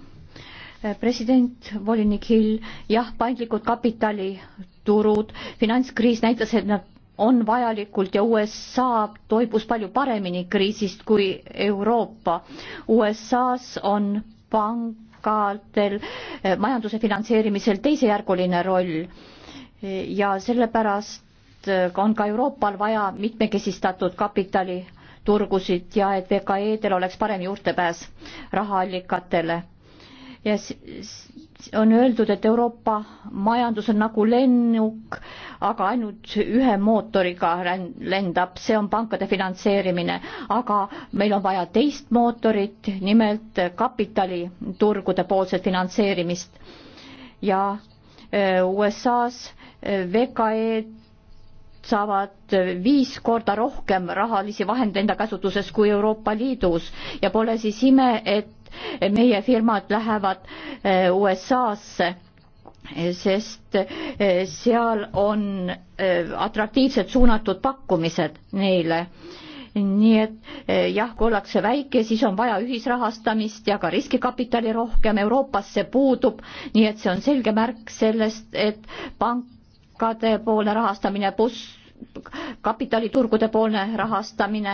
Eh, president, volinik Hill, jah, paindlikud kapitaliturud, finantskriis näitas, et nad on vajalikult ja USA toibus palju paremini kriisist kui Euroopa. USA-s on pankadel eh, majanduse finantseerimisel teisejärguline roll eh, ja sellepärast on ka Euroopal vaja mitmekesistatud kapitaliturgusid ja et VKE-del oleks parem juurdepääs rahaallikatele ja on öeldud, et Euroopa majandus on nagu lennuk, aga ainult ühe mootoriga lendab, see on pankade finantseerimine, aga meil on vaja teist mootorit, nimelt kapitaliturgude poolset finantseerimist. ja e, USA-s e, VKE-d saavad viis korda rohkem rahalisi vahendeid enda käsutuses kui Euroopa Liidus ja pole siis ime, et meie firmad lähevad eh, USA-sse, sest eh, seal on eh, atraktiivsed suunatud pakkumised neile nii et jah, kui ollakse väike, siis on vaja ühisrahastamist ja ka riskikapitali rohkem, Euroopas see puudub, nii et see on selge märk sellest, et pankade poolne rahastamine, pluss kapitaliturgude poolne rahastamine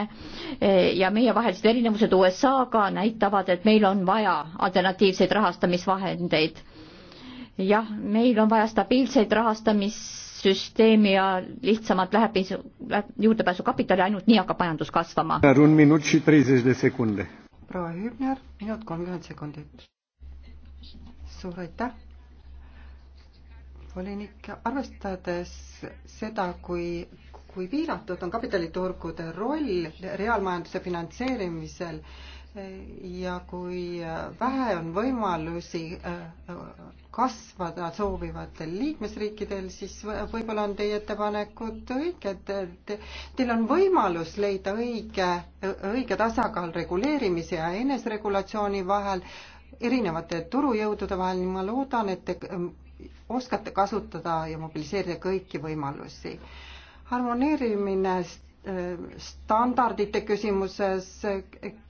e, ja meievahelised erinevused USA-ga näitavad, et meil on vaja alternatiivseid rahastamisvahendeid. jah, meil on vaja stabiilseid rahastamissüsteemi ja lihtsamat läheb, läheb juurdepääsu kapitali, ainult nii hakkab majandus kasvama. proua Hübner, minut kolmkümmend sekundit. suur aitäh volinik, arvestades seda, kui, kui piiratud on kapitaliturgude roll reaalmajanduse finantseerimisel eh, ja kui eh, vähe on võimalusi eh, kasvada soovivatel liikmesriikidel, siis võib-olla on teie ettepanekud õiged. Teil on võimalus leida õige, õige tasakaal reguleerimise ja eneseregulatsiooni vahel, erinevate turujõudude vahel, ma loodan, et te oskate kasutada ja mobiliseerida kõiki võimalusi. harmoneerimine äh, standardite küsimuses,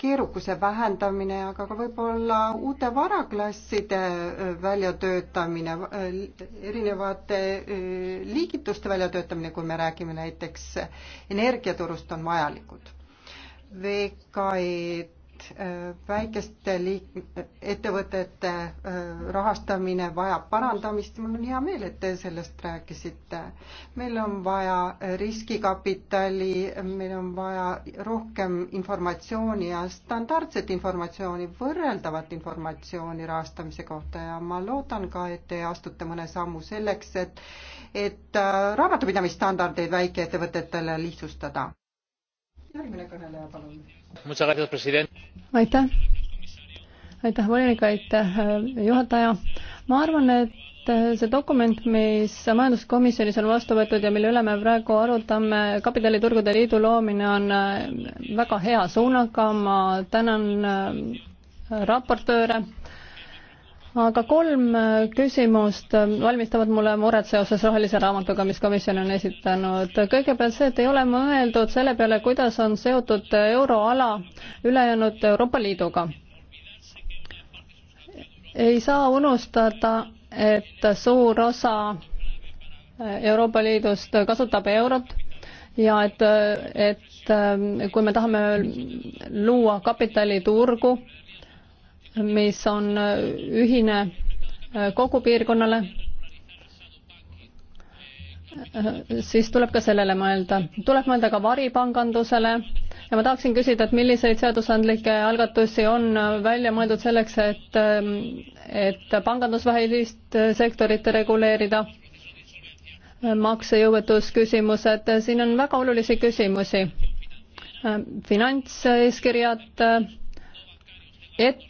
keerukuse vähendamine, aga ka võib-olla uute varaklasside äh, väljatöötamine, äh, erinevate liigituste väljatöötamine, kui me räägime näiteks energiaturust, on vajalikud. VKE-d et äh, väikeste liik-, ettevõtete äh, rahastamine vajab parandamist, mul on hea meel, et te sellest rääkisite. meil on vaja äh, riskikapitali, meil on vaja rohkem informatsiooni ja standardset informatsiooni, võrreldavat informatsiooni rahastamise kohta ja ma loodan ka, et te astute mõne sammu selleks, et et raamatupidamisstandardeid väikeettevõtetele lihtsustada järgmine kõneleja, palun. aitäh, aitäh volinik, aitäh äh, juhataja. ma arvan, et äh, see dokument, mis majanduskomisjonis on vastu võetud ja mille üle me praegu arutame, kapitaliturgude liidu loomine on äh, väga hea suunaga, ma tänan raportööre aga kolm äh, küsimust äh, valmistavad mulle muret seoses rohelise raamatuga, mis komisjon on esitanud. kõigepealt see, et ei ole mõeldud selle peale, kuidas on seotud euroala ülejäänud Euroopa Liiduga. ei saa unustada, et suur osa äh, Euroopa Liidust kasutab eurot ja et, et kui me tahame luua kapitaliturgu, mis on äh, ühine äh, kogu piirkonnale, äh, siis tuleb ka sellele mõelda. tuleb mõelda ka varipangandusele ja ma tahaksin küsida, et milliseid seadusandlikke algatusi on välja mõeldud selleks, et, ähm, et pangandusvahelist sektorit reguleerida, maksejõuetusküsimused, siin on väga olulisi küsimusi. finantseeskirjad et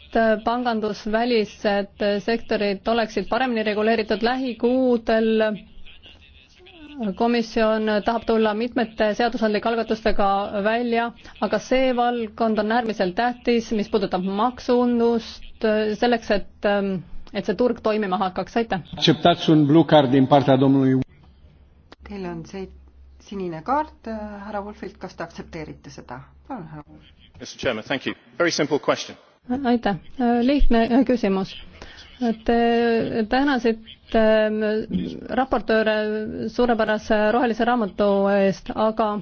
pangandusvälised sektorid oleksid paremini reguleeritud lähikuudel. komisjon tahab tulla mitmete seadusandlike algatustega välja, aga see valdkond on äärmiselt tähtis, mis puudutab maksundust, selleks et, et see turg toimima hakkaks, aitäh. Teil on see sinine kaart härra Wolfilt, kas te aktsepteerite seda? palun, härra Wolf. Mr Chairman, thank you. Very simple question aitäh, lihtne äh, küsimus. Te tänasite ähm, raportööre suurepärase rohelise raamatu eest, aga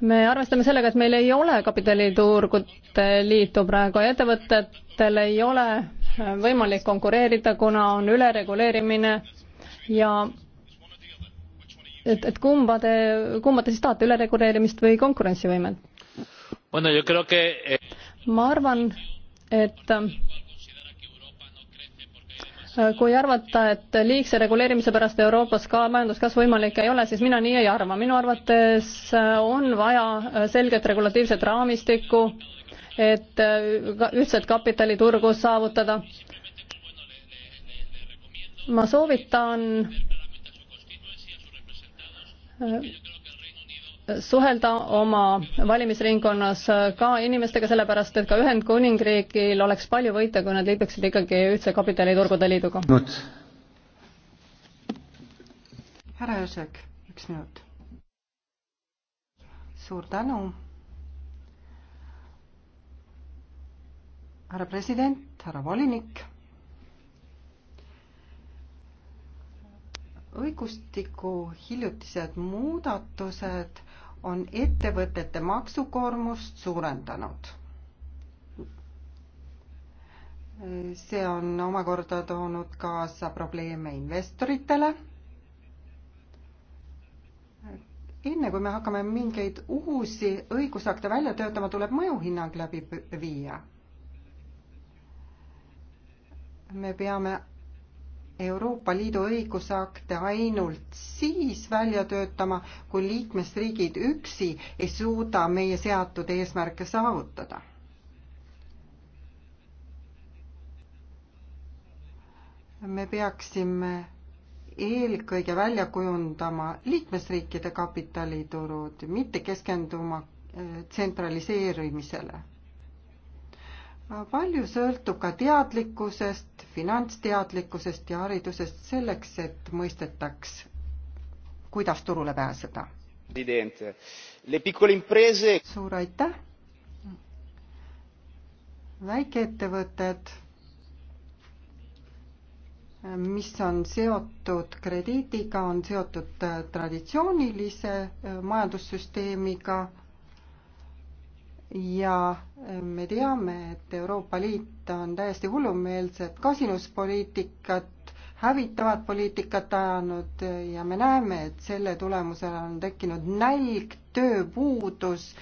me arvestame sellega, et meil ei ole kapitaliturgude liitu praegu ja ettevõtetel ei ole äh, võimalik konkureerida, kuna on ülereguleerimine ja et, et kumba te, kumba te siis tahate, ülereguleerimist või konkurentsivõimet? Eh, ma arvan, et äh, kui arvata, et liigse reguleerimise pärast Euroopas ka majanduskasv võimalik ei ole, siis mina nii ei arva. minu arvates äh, on vaja äh, selget regulatiivset raamistikku, et ühtset kapitaliturgu saavutada. ma soovitan suhelda oma valimisringkonnas ka inimestega, sellepärast et ka Ühendkuningriigil oleks palju võita, kui nad liituksid ikkagi ühtse kapitaliturgude liiduga. härra Jõsek, üks minut. suur tänu. härra president, härra volinik õigustiku hiljutised muudatused on ettevõtete maksukoormust suurendanud. see on omakorda toonud kaasa probleeme investoritele. enne kui me hakkame mingeid uusi õigusakte välja töötama, tuleb mõjuhinnang läbi viia. me peame Euroopa Liidu õigusakte ainult siis välja töötama, kui liikmesriigid üksi ei suuda meie seatud eesmärke saavutada. me peaksime eelkõige välja kujundama liikmesriikide kapitaliturud, mitte keskenduma tsentraliseerimisele palju sõltub ka teadlikkusest, finantsteadlikkusest ja haridusest selleks, et mõistetaks, kuidas turule pääseda. Imprese... suur aitäh! väikeettevõtted, mis on seotud krediidiga, on seotud traditsioonilise majandussüsteemiga ja äh, me teame, et Euroopa Liit on täiesti hullumeelset kasinuspoliitikat, hävitavat poliitikat ajanud ja me näeme, et selle tulemusel on tekkinud nälg, tööpuudus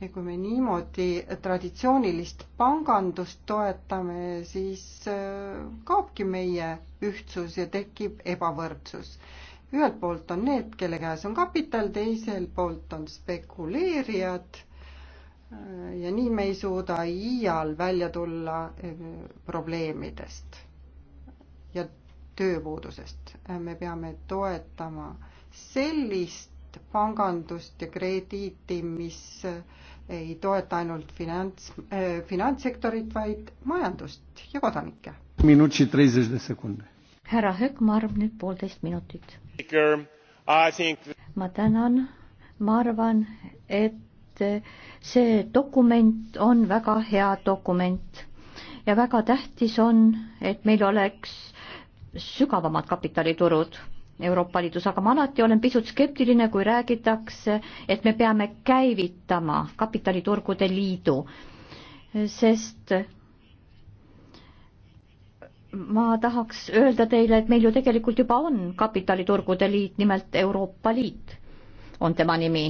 ja kui me niimoodi traditsioonilist pangandust toetame, siis äh, kaobki meie ühtsus ja tekib ebavõrdsus ühelt poolt on need, kelle käes on kapital, teiselt poolt on spekuleerijad ja nii me ei suuda iial välja tulla eh, probleemidest ja tööpuudusest. me peame toetama sellist pangandust ja krediiti, mis ei toeta ainult finants äh,, finantssektorit, vaid majandust ja kodanikke. minuti treisest sekundi. härra Hökmarv, nüüd poolteist minutit. ma tänan, ma arvan, et et see dokument on väga hea dokument ja väga tähtis on, et meil oleks sügavamad kapitaliturud Euroopa Liidus, aga ma alati olen pisut skeptiline, kui räägitakse, et me peame käivitama kapitaliturgude liidu, sest ma tahaks öelda teile, et meil ju tegelikult juba on kapitaliturgude liit, nimelt Euroopa Liit on tema nimi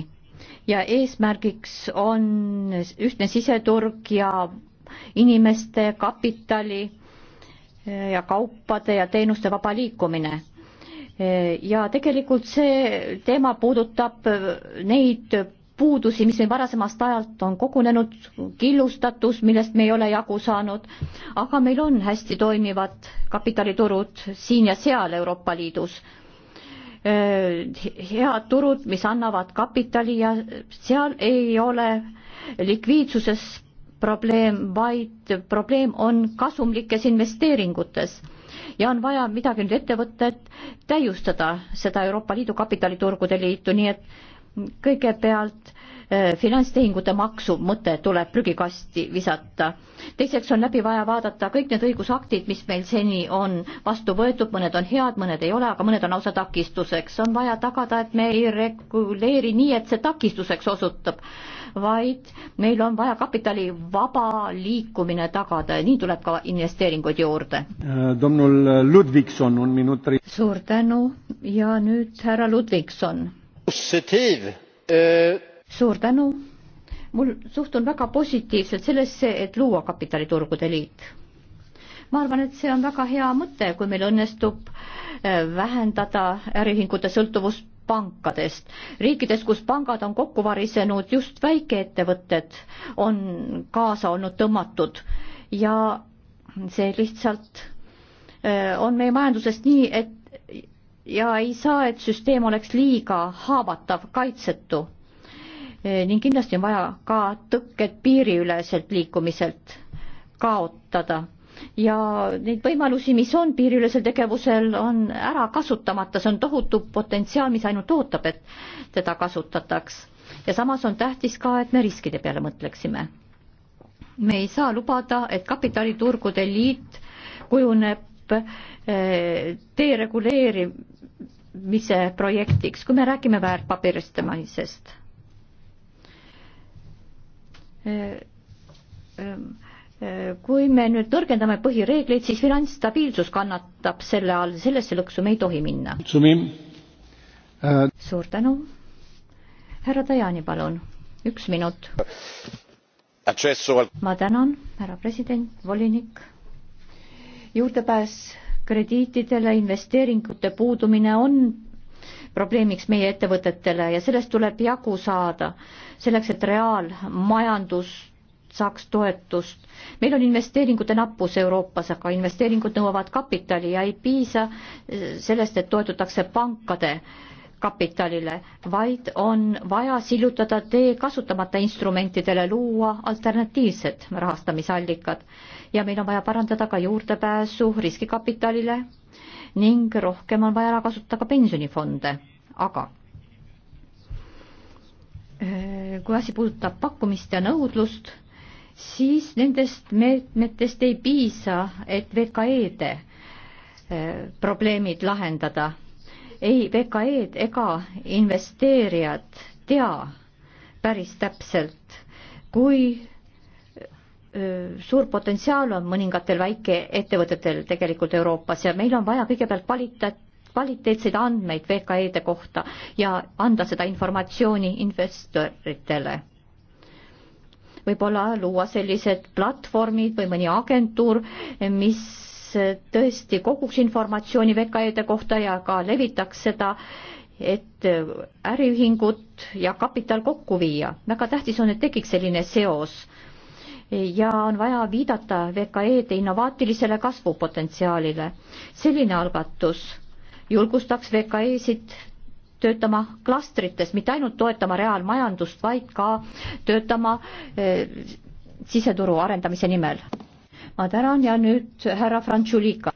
ja eesmärgiks on ühtne siseturg ja inimeste, kapitali eh, ja kaupade ja teenuste vaba liikumine. Eh, ja tegelikult see teema puudutab eh, neid puudusi, mis meil varasemast ajalt on kogunenud, killustatus, millest me ei ole jagu saanud, aga meil on hästi toimivad kapitaliturud siin ja seal Euroopa Liidus Äh, head turud, mis annavad kapitali ja seal ei ole likviidsuses probleem, vaid probleem on kasumlikes investeeringutes. ja on vaja midagi nüüd ette võtta, et täiustada seda Euroopa Liidu kapitaliturgude liitu, nii et kõigepealt Äh, finantstehingute maksu mõte tuleb prügikasti visata. teiseks on läbi vaja vaadata kõik need õigusaktid, mis meil seni on vastu võetud, mõned on head, mõned ei ole, aga mõned on lausa takistuseks. on vaja tagada, et me ei reguleeri nii, et see takistuseks osutub, vaid meil on vaja kapitali vaba liikumine tagada ja nii tuleb ka investeeringuid juurde. Äh, domnul Ludvigson on minut. suur tänu ja nüüd härra Ludvigson. positiiv äh, suur tänu. mul suhtun väga positiivselt sellesse, et luua kapitaliturgude liit. ma arvan, et see on väga hea mõte, kui meil õnnestub äh, vähendada äriühingute sõltuvust pankadest. riikides, kus pangad on kokku varisenud, just väikeettevõtted on kaasa olnud tõmmatud ja see lihtsalt äh, on meie majanduses nii, et ja ei saa, et süsteem oleks liiga haavatav, kaitsetu Eh, ning kindlasti on vaja ka tõkked piiriüleselt liikumiselt kaotada ja neid võimalusi, mis on piiriülesel tegevusel, on ära kasutamata, see on tohutu potentsiaal, mis ainult ootab, et teda kasutataks. ja samas on tähtis ka, et me riskide peale mõtleksime. me ei saa lubada, et kapitaliturgude liit kujuneb eh, dereguleerimise projektiks, kui me räägime väärpaberistamisest kui me nüüd tõrgendame põhireegleid, siis finantsstabiilsus kannatab selle all, sellesse lõksu me ei tohi minna. Äh. suur tänu. härra Tajani, palun, üks minut. ma tänan, härra president, volinik. juurdepääs krediitidele, investeeringute puudumine on probleemiks meie ettevõtetele ja sellest tuleb jagu saada, selleks et reaalmajandus saaks toetust. meil on investeeringute nappus Euroopas, aga investeeringud nõuavad kapitali ja ei piisa eh, sellest, et toetutakse pankade kapitalile, vaid on vaja sillutada tee kasutamata instrumentidele, luua alternatiivsed rahastamisallikad. ja meil on vaja parandada ka juurdepääsu riskikapitalile ning rohkem on vaja ära kasutada ka pensionifonde, aga äh, kui asi puudutab pakkumist ja nõudlust, siis nendest meetmetest ei piisa, et VKE-de äh, probleemid lahendada. ei VKE-d ega investeerijad tea päris täpselt, kui suur potentsiaal on mõningatel väikeettevõtetel tegelikult Euroopas ja meil on vaja kõigepealt kvaliteet, kvaliteetseid andmeid VKE-de kohta ja anda seda informatsiooni investoritele. võib-olla luua sellised platvormid või mõni agentuur, mis tõesti koguks informatsiooni VKE-de kohta ja ka levitaks seda, et äriühingud ja kapital kokku viia. väga tähtis on, et tekiks selline seos ja on vaja viidata VKE-de innovaatilisele kasvupotentsiaalile. selline algatus julgustaks VKE-sid töötama klastrites, mitte ainult toetama reaalmajandust, vaid ka töötama eh, siseturu arendamise nimel. ma tänan ja nüüd härra Frantsulika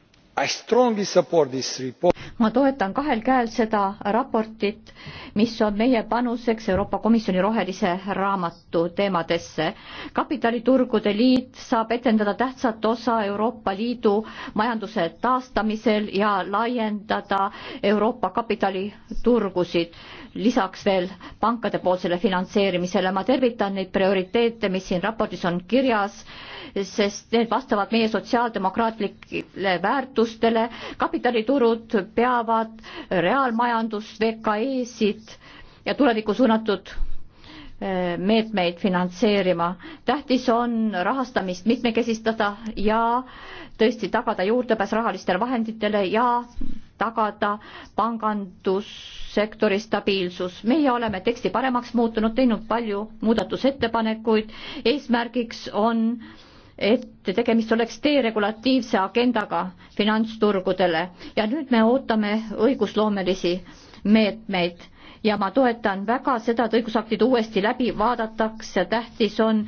ma toetan kahel käel seda raportit, mis on meie panuseks Euroopa Komisjoni rohelise raamatu teemadesse. kapitaliturgude liit saab etendada tähtsat osa Euroopa Liidu majanduse taastamisel ja laiendada Euroopa kapitaliturgusid lisaks veel pankadepoolsele finantseerimisele. ma tervitan neid prioriteete, mis siin raportis on kirjas, sest need vastavad meie sotsiaaldemokraatlikele väärtustele, ootustele, kapitaliturud peavad reaalmajandust, VKE-sid ja tulevikku suunatud eh, meetmeid finantseerima. tähtis on rahastamist mitmekesistada ja tõesti tagada juurdepääs rahalistele vahenditele ja tagada pangandussektori stabiilsus. meie oleme teksti paremaks muutunud, teinud palju muudatusettepanekuid, eesmärgiks on äh, et tegemist oleks deregulatiivse agendaga finantsturgudele ja nüüd me ootame õigusloomelisi meetmeid ja ma toetan väga seda, et õigusaktid uuesti läbi vaadatakse, tähtis on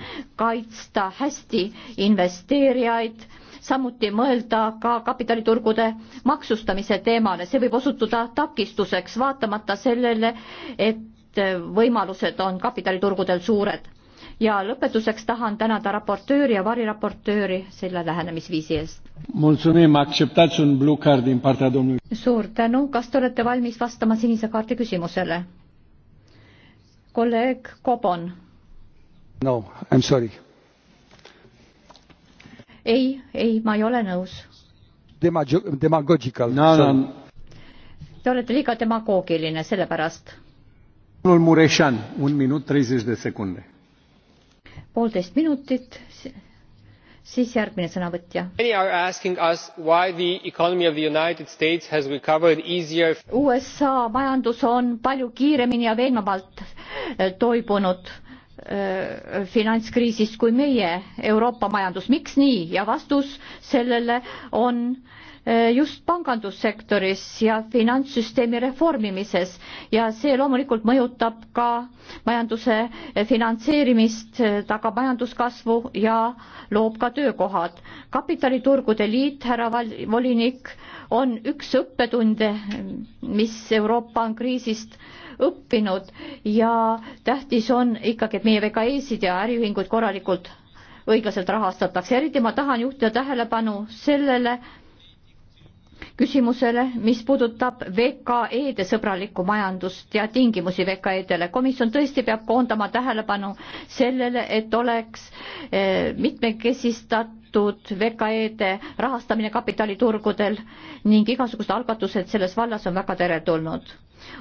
kaitsta hästi investeerijaid, samuti mõelda ka kapitaliturgude maksustamise teemale, see võib osutuda takistuseks, vaatamata sellele, et võimalused on kapitaliturgudel suured ja lõpetuseks tahan tänada raportööri ja variraportööri selle lähenemisviisi eest. suur tänu, kas te olete valmis vastama sinise kaardi küsimusele? kolleeg Kobon. no, I m sorry. ei, ei, ma ei ole nõus. Demag-, demagogical no,. No. Te olete liiga demagoogiline, sellepärast. mul Mureșan, un minut, treizeci de secunde poolteist minutit, siis järgmine sõnavõtja. USA majandus on palju kiiremini ja veenvamalt äh, toibunud äh, finantskriisist kui meie Euroopa majandus. miks nii? ja vastus sellele on Eh, just pangandussektoris ja finantssüsteemi reformimises ja see loomulikult mõjutab ka majanduse eh, finantseerimist, eh, tagab majanduskasvu ja loob ka töökohad. kapitaliturgude liit, härra volinik, on üks õppetunde, mis Euroopa on kriisist õppinud ja tähtis on ikkagi, et meie VKE-sid ja äriühinguid korralikult õiglaselt rahastatakse, eriti ma tahan juhtida tähelepanu sellele, küsimusele, mis puudutab VKE-de sõbralikku majandust ja tingimusi VKE-dele. komisjon tõesti peab koondama tähelepanu sellele, et oleks eh, mitmekesistatud VKE-de rahastamine kapitaliturgudel ning igasugused algatused selles vallas on väga teretulnud.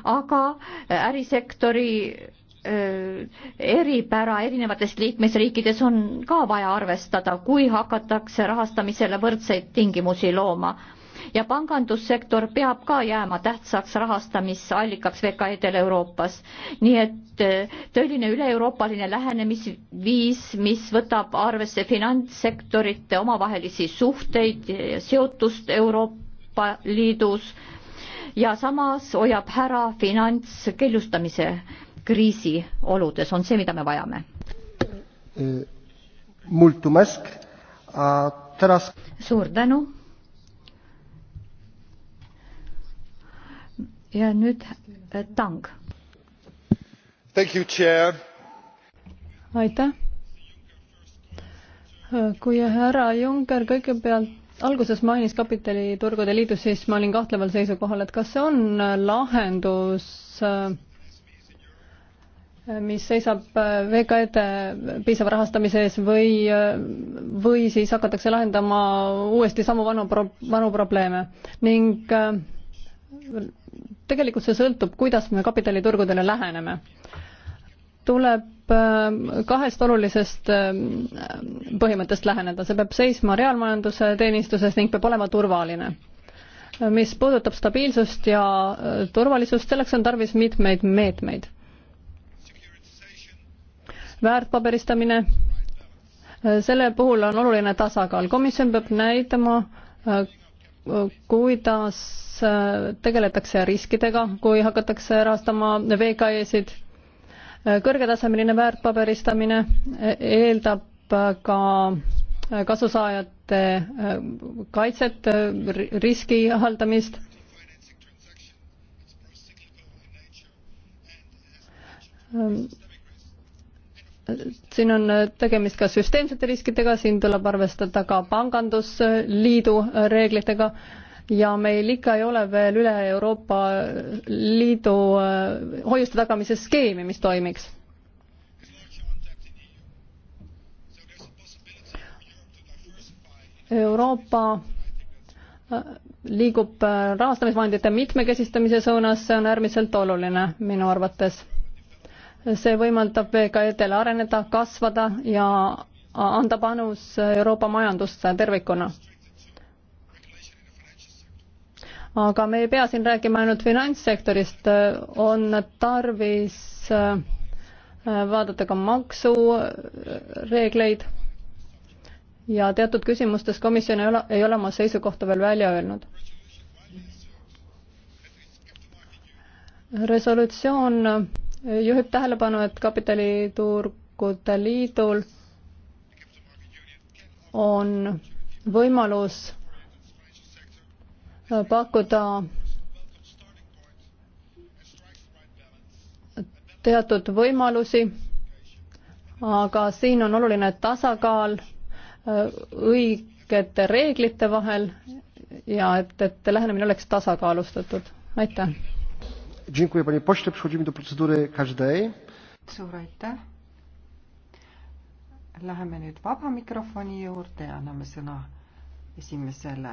aga eh, ärisektori eh, eripära erinevates liikmesriikides on ka vaja arvestada, kui hakatakse rahastamisele võrdseid tingimusi looma ja pangandussektor peab ka jääma tähtsaks rahastamisallikaks VKE-del Euroopas. nii et eh, tõeline üle-euroopaline lähenemisviis, mis võtab arvesse finantssektorite omavahelisi suhteid, seotust Euroopa Liidus ja samas hoiab ära finantskeljustamise kriisi oludes, on see, mida me vajame. Eh, suur tänu ja nüüd äh, Tang. aitäh. kui härra Juncker kõigepealt alguses mainis kapitaliturgude liidu, siis ma olin kahtleval seisukohal, et kas see on lahendus, mis seisab äh, VKE-de piisava rahastamise ees või, äh, või siis hakatakse lahendama uuesti samu vanu pro-, vanu probleeme ning tegelikult see sõltub, kuidas me kapitaliturgudele läheneme. tuleb äh, kahest olulisest äh, põhimõttest läheneda, see peab seisma reaalmajanduse teenistuses ning peab olema turvaline mis puudutab stabiilsust ja äh, turvalisust, selleks on tarvis mitmeid meetmeid. väärtpaberistamine, selle puhul on oluline tasakaal, komisjon peab näitama, kuidas äh, tegeletakse riskidega, kui hakatakse rahastama VKE-sid. Äh, kõrgetasemeline väärtpaberistamine äh, eeldab ka kasusaajate kaitset, riski haldamist. Ähm, siin on äh, tegemist ka süsteemsete riskidega, siin tuleb arvestada ka pangandusliidu äh, reeglitega ja meil ikka ei ole veel üle Euroopa Liidu äh, hoiuste tagamise skeemi, mis toimiks. Euroopa liigub rahastamisvahendite mitmekesistamise suunas, see on äärmiselt oluline minu arvates see võimaldab VKE-del areneda, kasvada ja anda panus Euroopa majandusse tervikuna. aga me ei pea siin rääkima ainult finantssektorist, on tarvis äh, vaadata ka maksureegleid ja teatud küsimustes komisjon ei ole, ei ole oma seisukohta veel välja öelnud. resolutsioon juhib tähelepanu, et kapitaliturgude liidul on võimalus pakkuda teatud võimalusi, aga siin on oluline tasakaal äh, õigete reeglite vahel ja et, et lähenemine oleks tasakaalustatud. aitäh! Dziękuję panie pośle. Przechodzimy do procedury cash day. Suur aitäh. Läheme nüüd vaba mikrofoni juurde ja anname sõna esimesele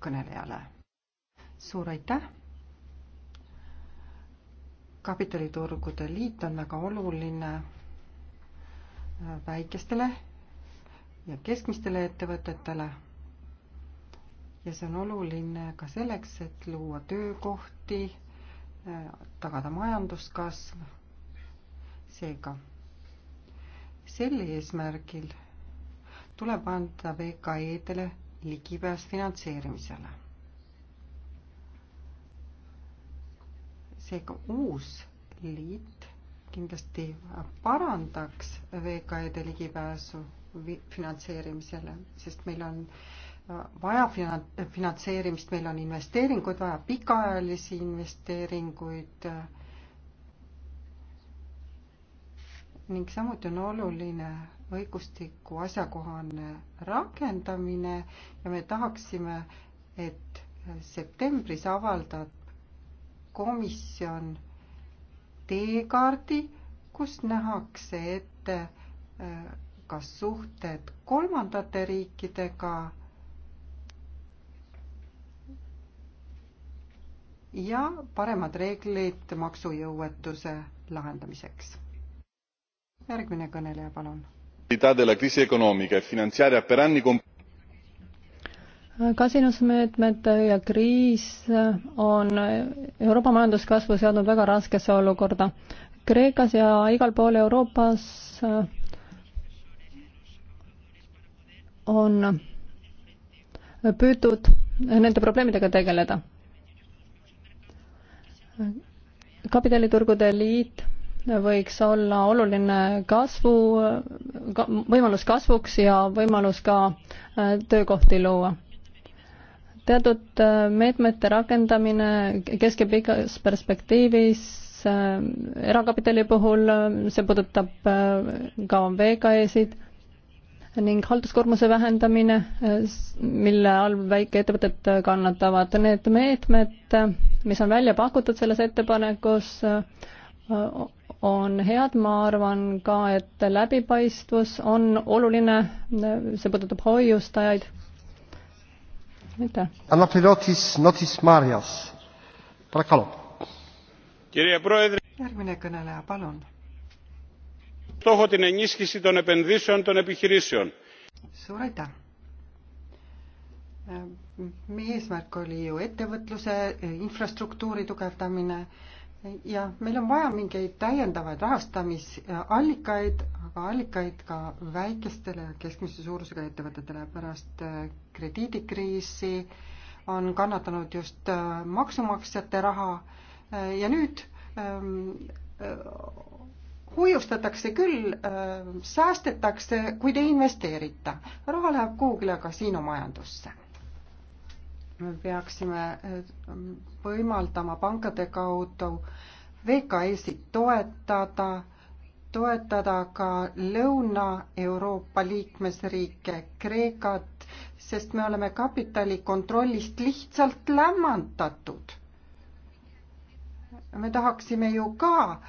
kõnelejale. suur aitäh. kapitaliturgude liit on väga oluline äh, väikestele ja keskmistele ettevõtetele. ja see on oluline ka selleks, et luua töökohti tagada majanduskasv. seega sel eesmärgil tuleb anda VKE-dele ligipääs finantseerimisele. seega uus liit kindlasti parandaks VKE-de ligipääsu finantseerimisele, sest meil on äh, vaja finantseerimist, meil on investeeringuid vaja, pikaajalisi investeeringuid. ning samuti on oluline õigustiku asjakohane rakendamine ja me tahaksime, et septembris avaldab komisjon teekaardi, kus nähakse ette äh, kas suhted kolmandate riikidega ja paremad reeglid maksujõuetuse lahendamiseks. järgmine kõneleja, palun. E kasinusmeetmed ja kriis on Euroopa majanduskasvu seadnud väga raskesse olukorda. Kreekas ja igal pool Euroopas on püütud nende probleemidega tegeleda kapitaliturgude liit võiks olla oluline kasvu, võimalus kasvuks ja võimalus ka äh, töökohti luua. teatud äh, meetmete rakendamine kesk- ja pikas perspektiivis äh, erakapitali puhul, see puudutab ka VKE-sid ning halduskoormuse vähendamine, mille all väikeettevõtted kannatavad. Need meetmed, mis on välja pakutud selles ettepanekus, on head, ma arvan ka, et läbipaistvus on oluline, see puudutab hoiustajaid. aitäh. järgmine kõneleja, palun στόχο την ενίσχυση των επενδύσεων των επιχειρήσεων. suur aitäh! Äh, meie eesmärk oli ju ettevõtluse äh, infrastruktuuri tugevdamine ja meil on vaja mingeid täiendavaid rahastamisallikaid, aga allikaid ka väikestele ja keskmise suurusega ettevõtetele pärast äh, krediidikriisi on kannatanud just maksumaksjate raha ja nüüd ähm, hoiustatakse küll äh,, säästetakse, kuid ei investeerita. raha läheb kuhugile kasiinomajandusse. me peaksime äh, võimaldama pankade kaudu VKS-id toetada, toetada ka Lõuna-Euroopa liikmesriike, Kreekat, sest me oleme kapitalikontrollist lihtsalt lämmandatud. me tahaksime ju ka äh,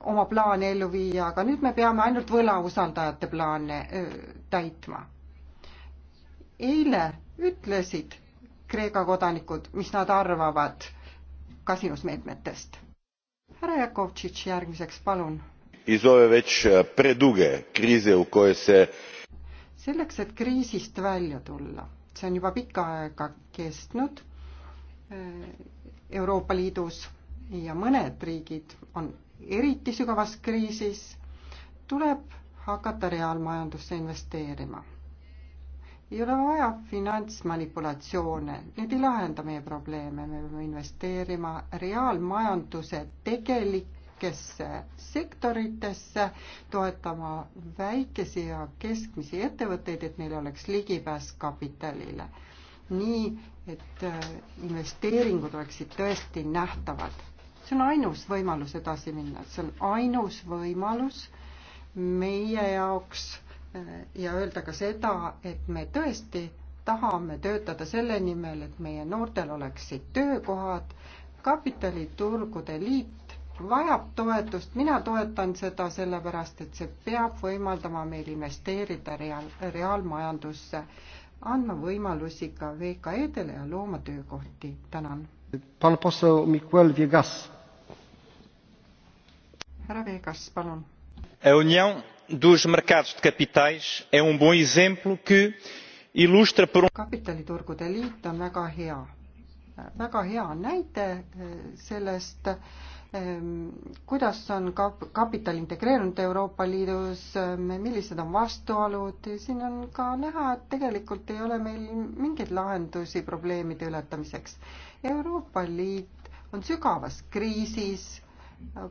oma plaane ellu viia, aga nüüd me peame ainult võlausaldajate plaane täitma. eile ütlesid Kreeka kodanikud, mis nad arvavad kasinusmeetmetest. härra Jakovtšitš järgmiseks, palun. Iz ove već e, preduge krize u koje se selleks, et kriisist välja tulla, see on juba pikka aega kestnud e, Euroopa Liidus ja mõned riigid on eriti sügavas kriisis, tuleb hakata reaalmajandusse investeerima. ei ole vaja finantsmanipulatsioone, need ei lahenda meie probleeme, me peame investeerima reaalmajanduse tegelikesse sektoritesse, toetama väikesi ja keskmisi ettevõtteid, et neil oleks ligipääs kapitalile. nii, et äh, investeeringud oleksid tõesti nähtavad see on ainus võimalus edasi minna, see on ainus võimalus meie jaoks eh, ja öelda ka seda, et me tõesti tahame töötada selle nimel, et meie noortel oleksid töökohad, kapitaliturgude liit vajab toetust, mina toetan seda sellepärast, et see peab võimaldama meil investeerida reaal, reaalmajandusse, andma võimalusi ka VKE-dele ja looma töökohti. tänan. Pan poseł Miguel Viegas härra Vegas, palun. A União dos Mercados de Capitais é um bom exemplo que ilustra por um kapitaliturgude liit on väga hea, väga hea näide eh, sellest, ehm, kuidas on kap-, kapital integreerunud Euroopa Liidus, ehm, millised on vastuolud, siin on ka näha, et tegelikult ei ole meil mingeid lahendusi probleemide ületamiseks. Euroopa Liit on sügavas kriisis,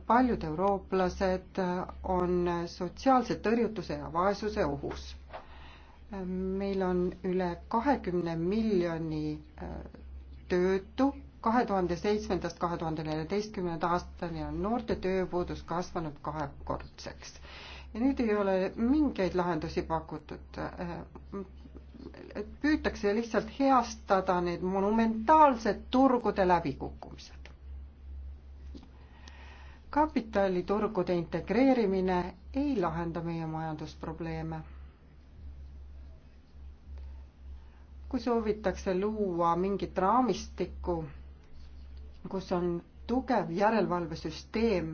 paljud eurooplased on sotsiaalse tõrjutuse ja vaesuse ohus. meil on üle kahekümne miljoni äh, töötu, kahe tuhande seitsmendast kahe tuhande neljateistkümnenda aastani on noorte tööpuudus kasvanud kahekordseks. ja nüüd ei ole mingeid lahendusi pakutud äh, püütakse lihtsalt heastada need monumentaalsed turgude läbikukkumised kapitaliturgude integreerimine ei lahenda meie majandusprobleeme. kui soovitakse luua mingit raamistikku, kus on tugev järelevalvesüsteem,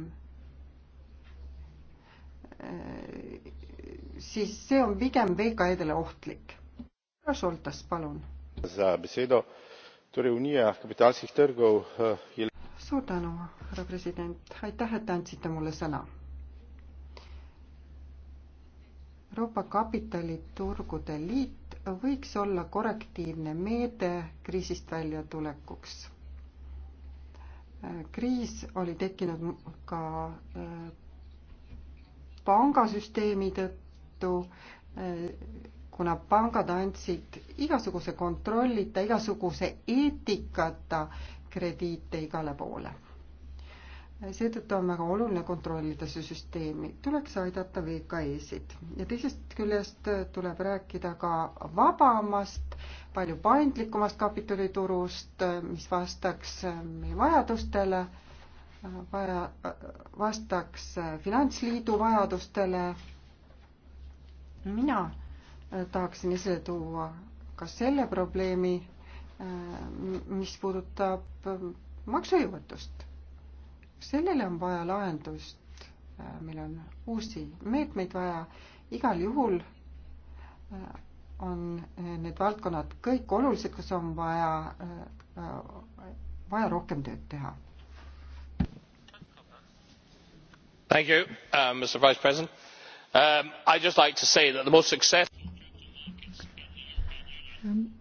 siis see on pigem VKE-dele ohtlik. härra Šoltas, palun. za besedo. torej unija kapitalskih trgov eh, je suur tänu, härra president, aitäh, et andsite mulle sõna. Euroopa Kapitaliturgude Liit võiks olla korrektiivne meede kriisist väljatulekuks. kriis oli tekkinud ka äh, pangasüsteemi tõttu, äh, kuna pangad andsid igasuguse kontrollita, igasuguse eetikata krediite igale poole. seetõttu on väga oluline kontrollida see süsteemi, tuleks aidata VKE-sid ja teisest küljest tuleb rääkida ka vabamast, palju paindlikumast kapitaliturust, mis vastaks meie vajadustele, vaja, vastaks finantsliidu vajadustele. mina tahaksin esile tuua ka selle probleemi, mis puudutab maksujõuetust. sellele on vaja lahendust, meil on uusi meetmeid vaja, igal juhul äh, on äh, need valdkonnad kõik olulised, kus on vaja, äh, vaja rohkem tööd teha. Thank you, uh, Mr. Vice President. Um, I'd just like to say that the most success. Um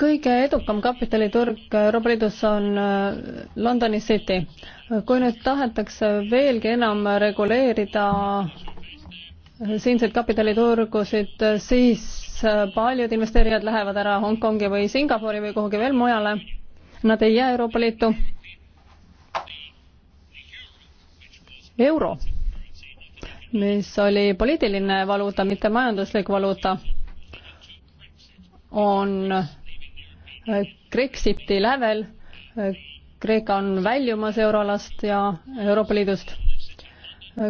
kõige edukam kapitaliturg Euroopa Liidus on äh, Londoni City. kui nüüd tahetakse veelgi enam reguleerida äh, siinseid kapitaliturgusid, äh, siis paljud investeerijad lähevad ära Hongkongi või Singapuri või kuhugi veel mujale. Nad ei jää Euroopa Liitu. euro, mis oli poliitiline valuuta, mitte majanduslik valuuta on Brexiti lävel. Kreeka on väljumas euroalast ja Euroopa Liidust.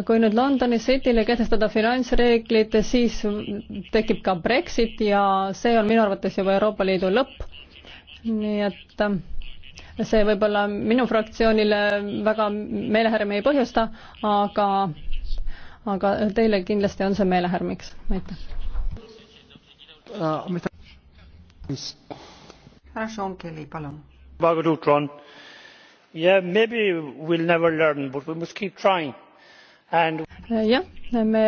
kui nüüd Londoni Cityle kehtestada finantsreeglid, siis tekib ka Brexit ja see on minu arvates juba Euroopa Liidu lõpp. nii et äh, see võib-olla minu fraktsioonile väga meelehärmi ei põhjusta, aga, aga teile kindlasti on see meelehärmiks, aitäh. Äh, härra Sean Kelly, palun. Yeah, maybe we'll never learn, but we must keep trying jah, me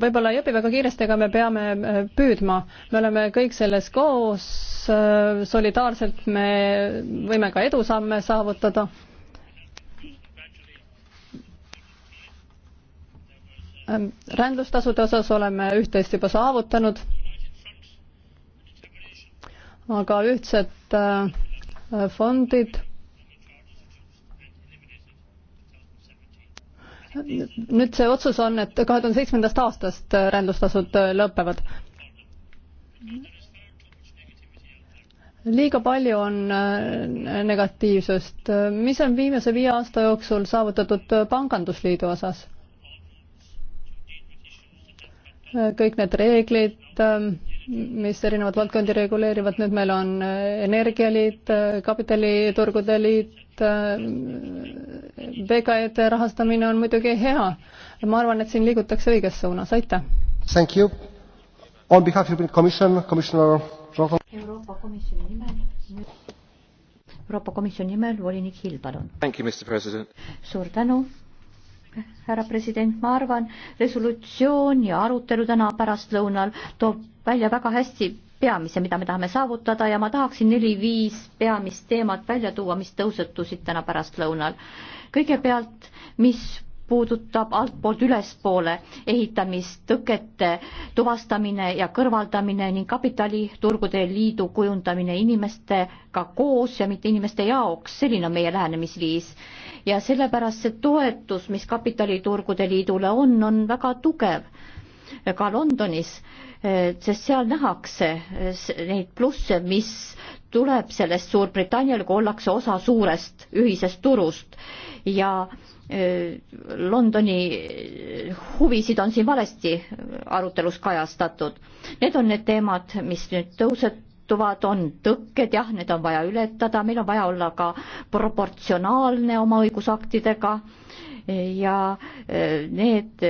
võib-olla ei õpi väga kiiresti, aga me peame äh, püüdma. me oleme kõik selles koos, äh, solidaarselt me võime ka edusamme saavutada. Ähm, rändlustasude osas oleme üht-teist juba saavutanud aga ühtsed äh, fondid nüüd see otsus on, et kahe tuhande seitsmendast aastast äh, rändlustasud äh, lõpevad. liiga palju on negatiivsust. mis on viimase viie aasta jooksul saavutatud Pangandusliidu osas? kõik need reeglid, ähm, mis erinevaid valdkondi reguleerivad, nüüd meil on äh, Energialiit, äh, Kapitaliturgude Liit, äh, VKE-de rahastamine on muidugi hea. ma arvan, et siin liigutakse õiges suunas, aitäh. Thank you. On behalf of the Commission, Commissioner Euroopa Komisjoni nimel nüüd Euroopa Komisjoni nimel volinik Hill, palun. suur tänu, härra president, ma arvan, resolutsioon ja arutelu täna pärastlõunal toob välja väga hästi peamise, mida me tahame saavutada ja ma tahaksin neli-viis peamist teemat välja tuua, mis tõusetusid täna pärastlõunal. kõigepealt, mis puudutab altpoolt ülespoole ehitamist, tõkete tuvastamine ja kõrvaldamine ning kapitaliturgude liidu kujundamine inimestega koos ja mitte inimeste jaoks, selline on meie lähenemisviis ja sellepärast see toetus, mis kapitaliturgude liidule on, on väga tugev ka Londonis, eh, sest seal nähakse eh, neid plusse, mis tuleb sellest Suurbritanniale, kui ollakse osa suurest ühisest turust ja eh, Londoni huvisid on siin valesti arutelus kajastatud. Need on need teemad, mis nüüd tõuset-, muutuvad, on tõkked, jah, need on vaja ületada, meil on vaja olla ka proportsionaalne oma õigusaktidega ja e, need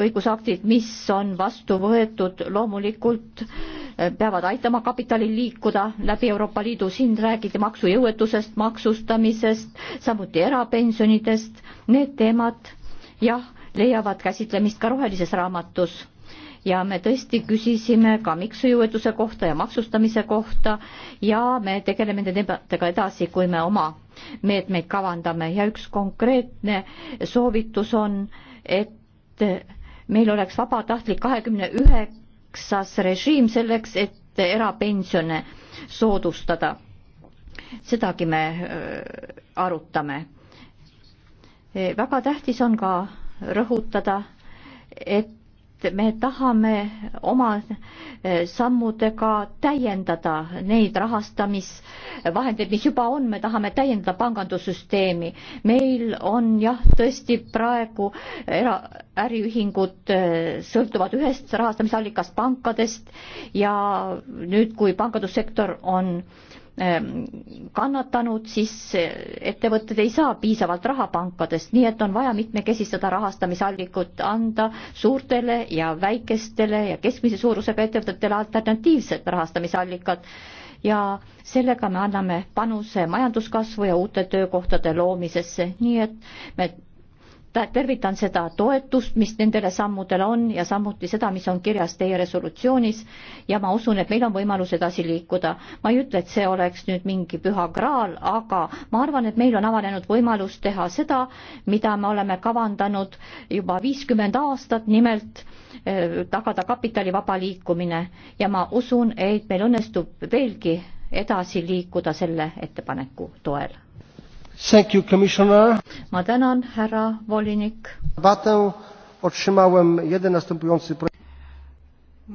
õigusaktid, mis on vastu võetud, loomulikult e, peavad aitama kapitalil liikuda läbi Euroopa Liidu, siin räägiti maksujõuetusest, maksustamisest, samuti erapensionidest, need teemad jah, leiavad käsitlemist ka rohelises raamatus ja me tõesti küsisime ka miksujõuetuse kohta ja maksustamise kohta ja me tegeleme nende teemadega edasi, kui me oma meetmeid kavandame ja üks konkreetne soovitus on, et meil oleks vabatahtlik kahekümne üheksas režiim selleks, et erapensione soodustada. sedagi me äh, arutame. väga tähtis on ka rõhutada, et et me tahame oma eh, sammudega täiendada neid rahastamisvahendeid, mis juba on, me tahame täiendada pangandussüsteemi. meil on jah, tõesti praegu era-, äriühingud eh, sõltuvad ühest rahastamisallikast, pankadest ja nüüd, kui pangandussektor on Ähm, kannatanud, siis ettevõtted ei saa piisavalt raha pankadest, nii et on vaja mitmekesistada rahastamisallikut, anda suurtele ja väikestele ja keskmise suurusega ettevõtetele alternatiivsed rahastamisallikad ja sellega me anname panuse majanduskasvu ja uute töökohtade loomisesse, nii et me tervitan seda toetust, mis nendele sammudele on ja samuti seda, mis on kirjas teie resolutsioonis ja ma usun, et meil on võimalus edasi liikuda. ma ei ütle, et see oleks nüüd mingi püha kraal, aga ma arvan, et meil on avanenud võimalus teha seda, mida me oleme kavandanud juba viiskümmend aastat, nimelt eh, tagada kapitali vaba liikumine ja ma usun, et meil õnnestub veelgi edasi liikuda selle ettepaneku toel Thank you, Commissioner. ma tänan, härra volinik. otrzymałem jeden następujący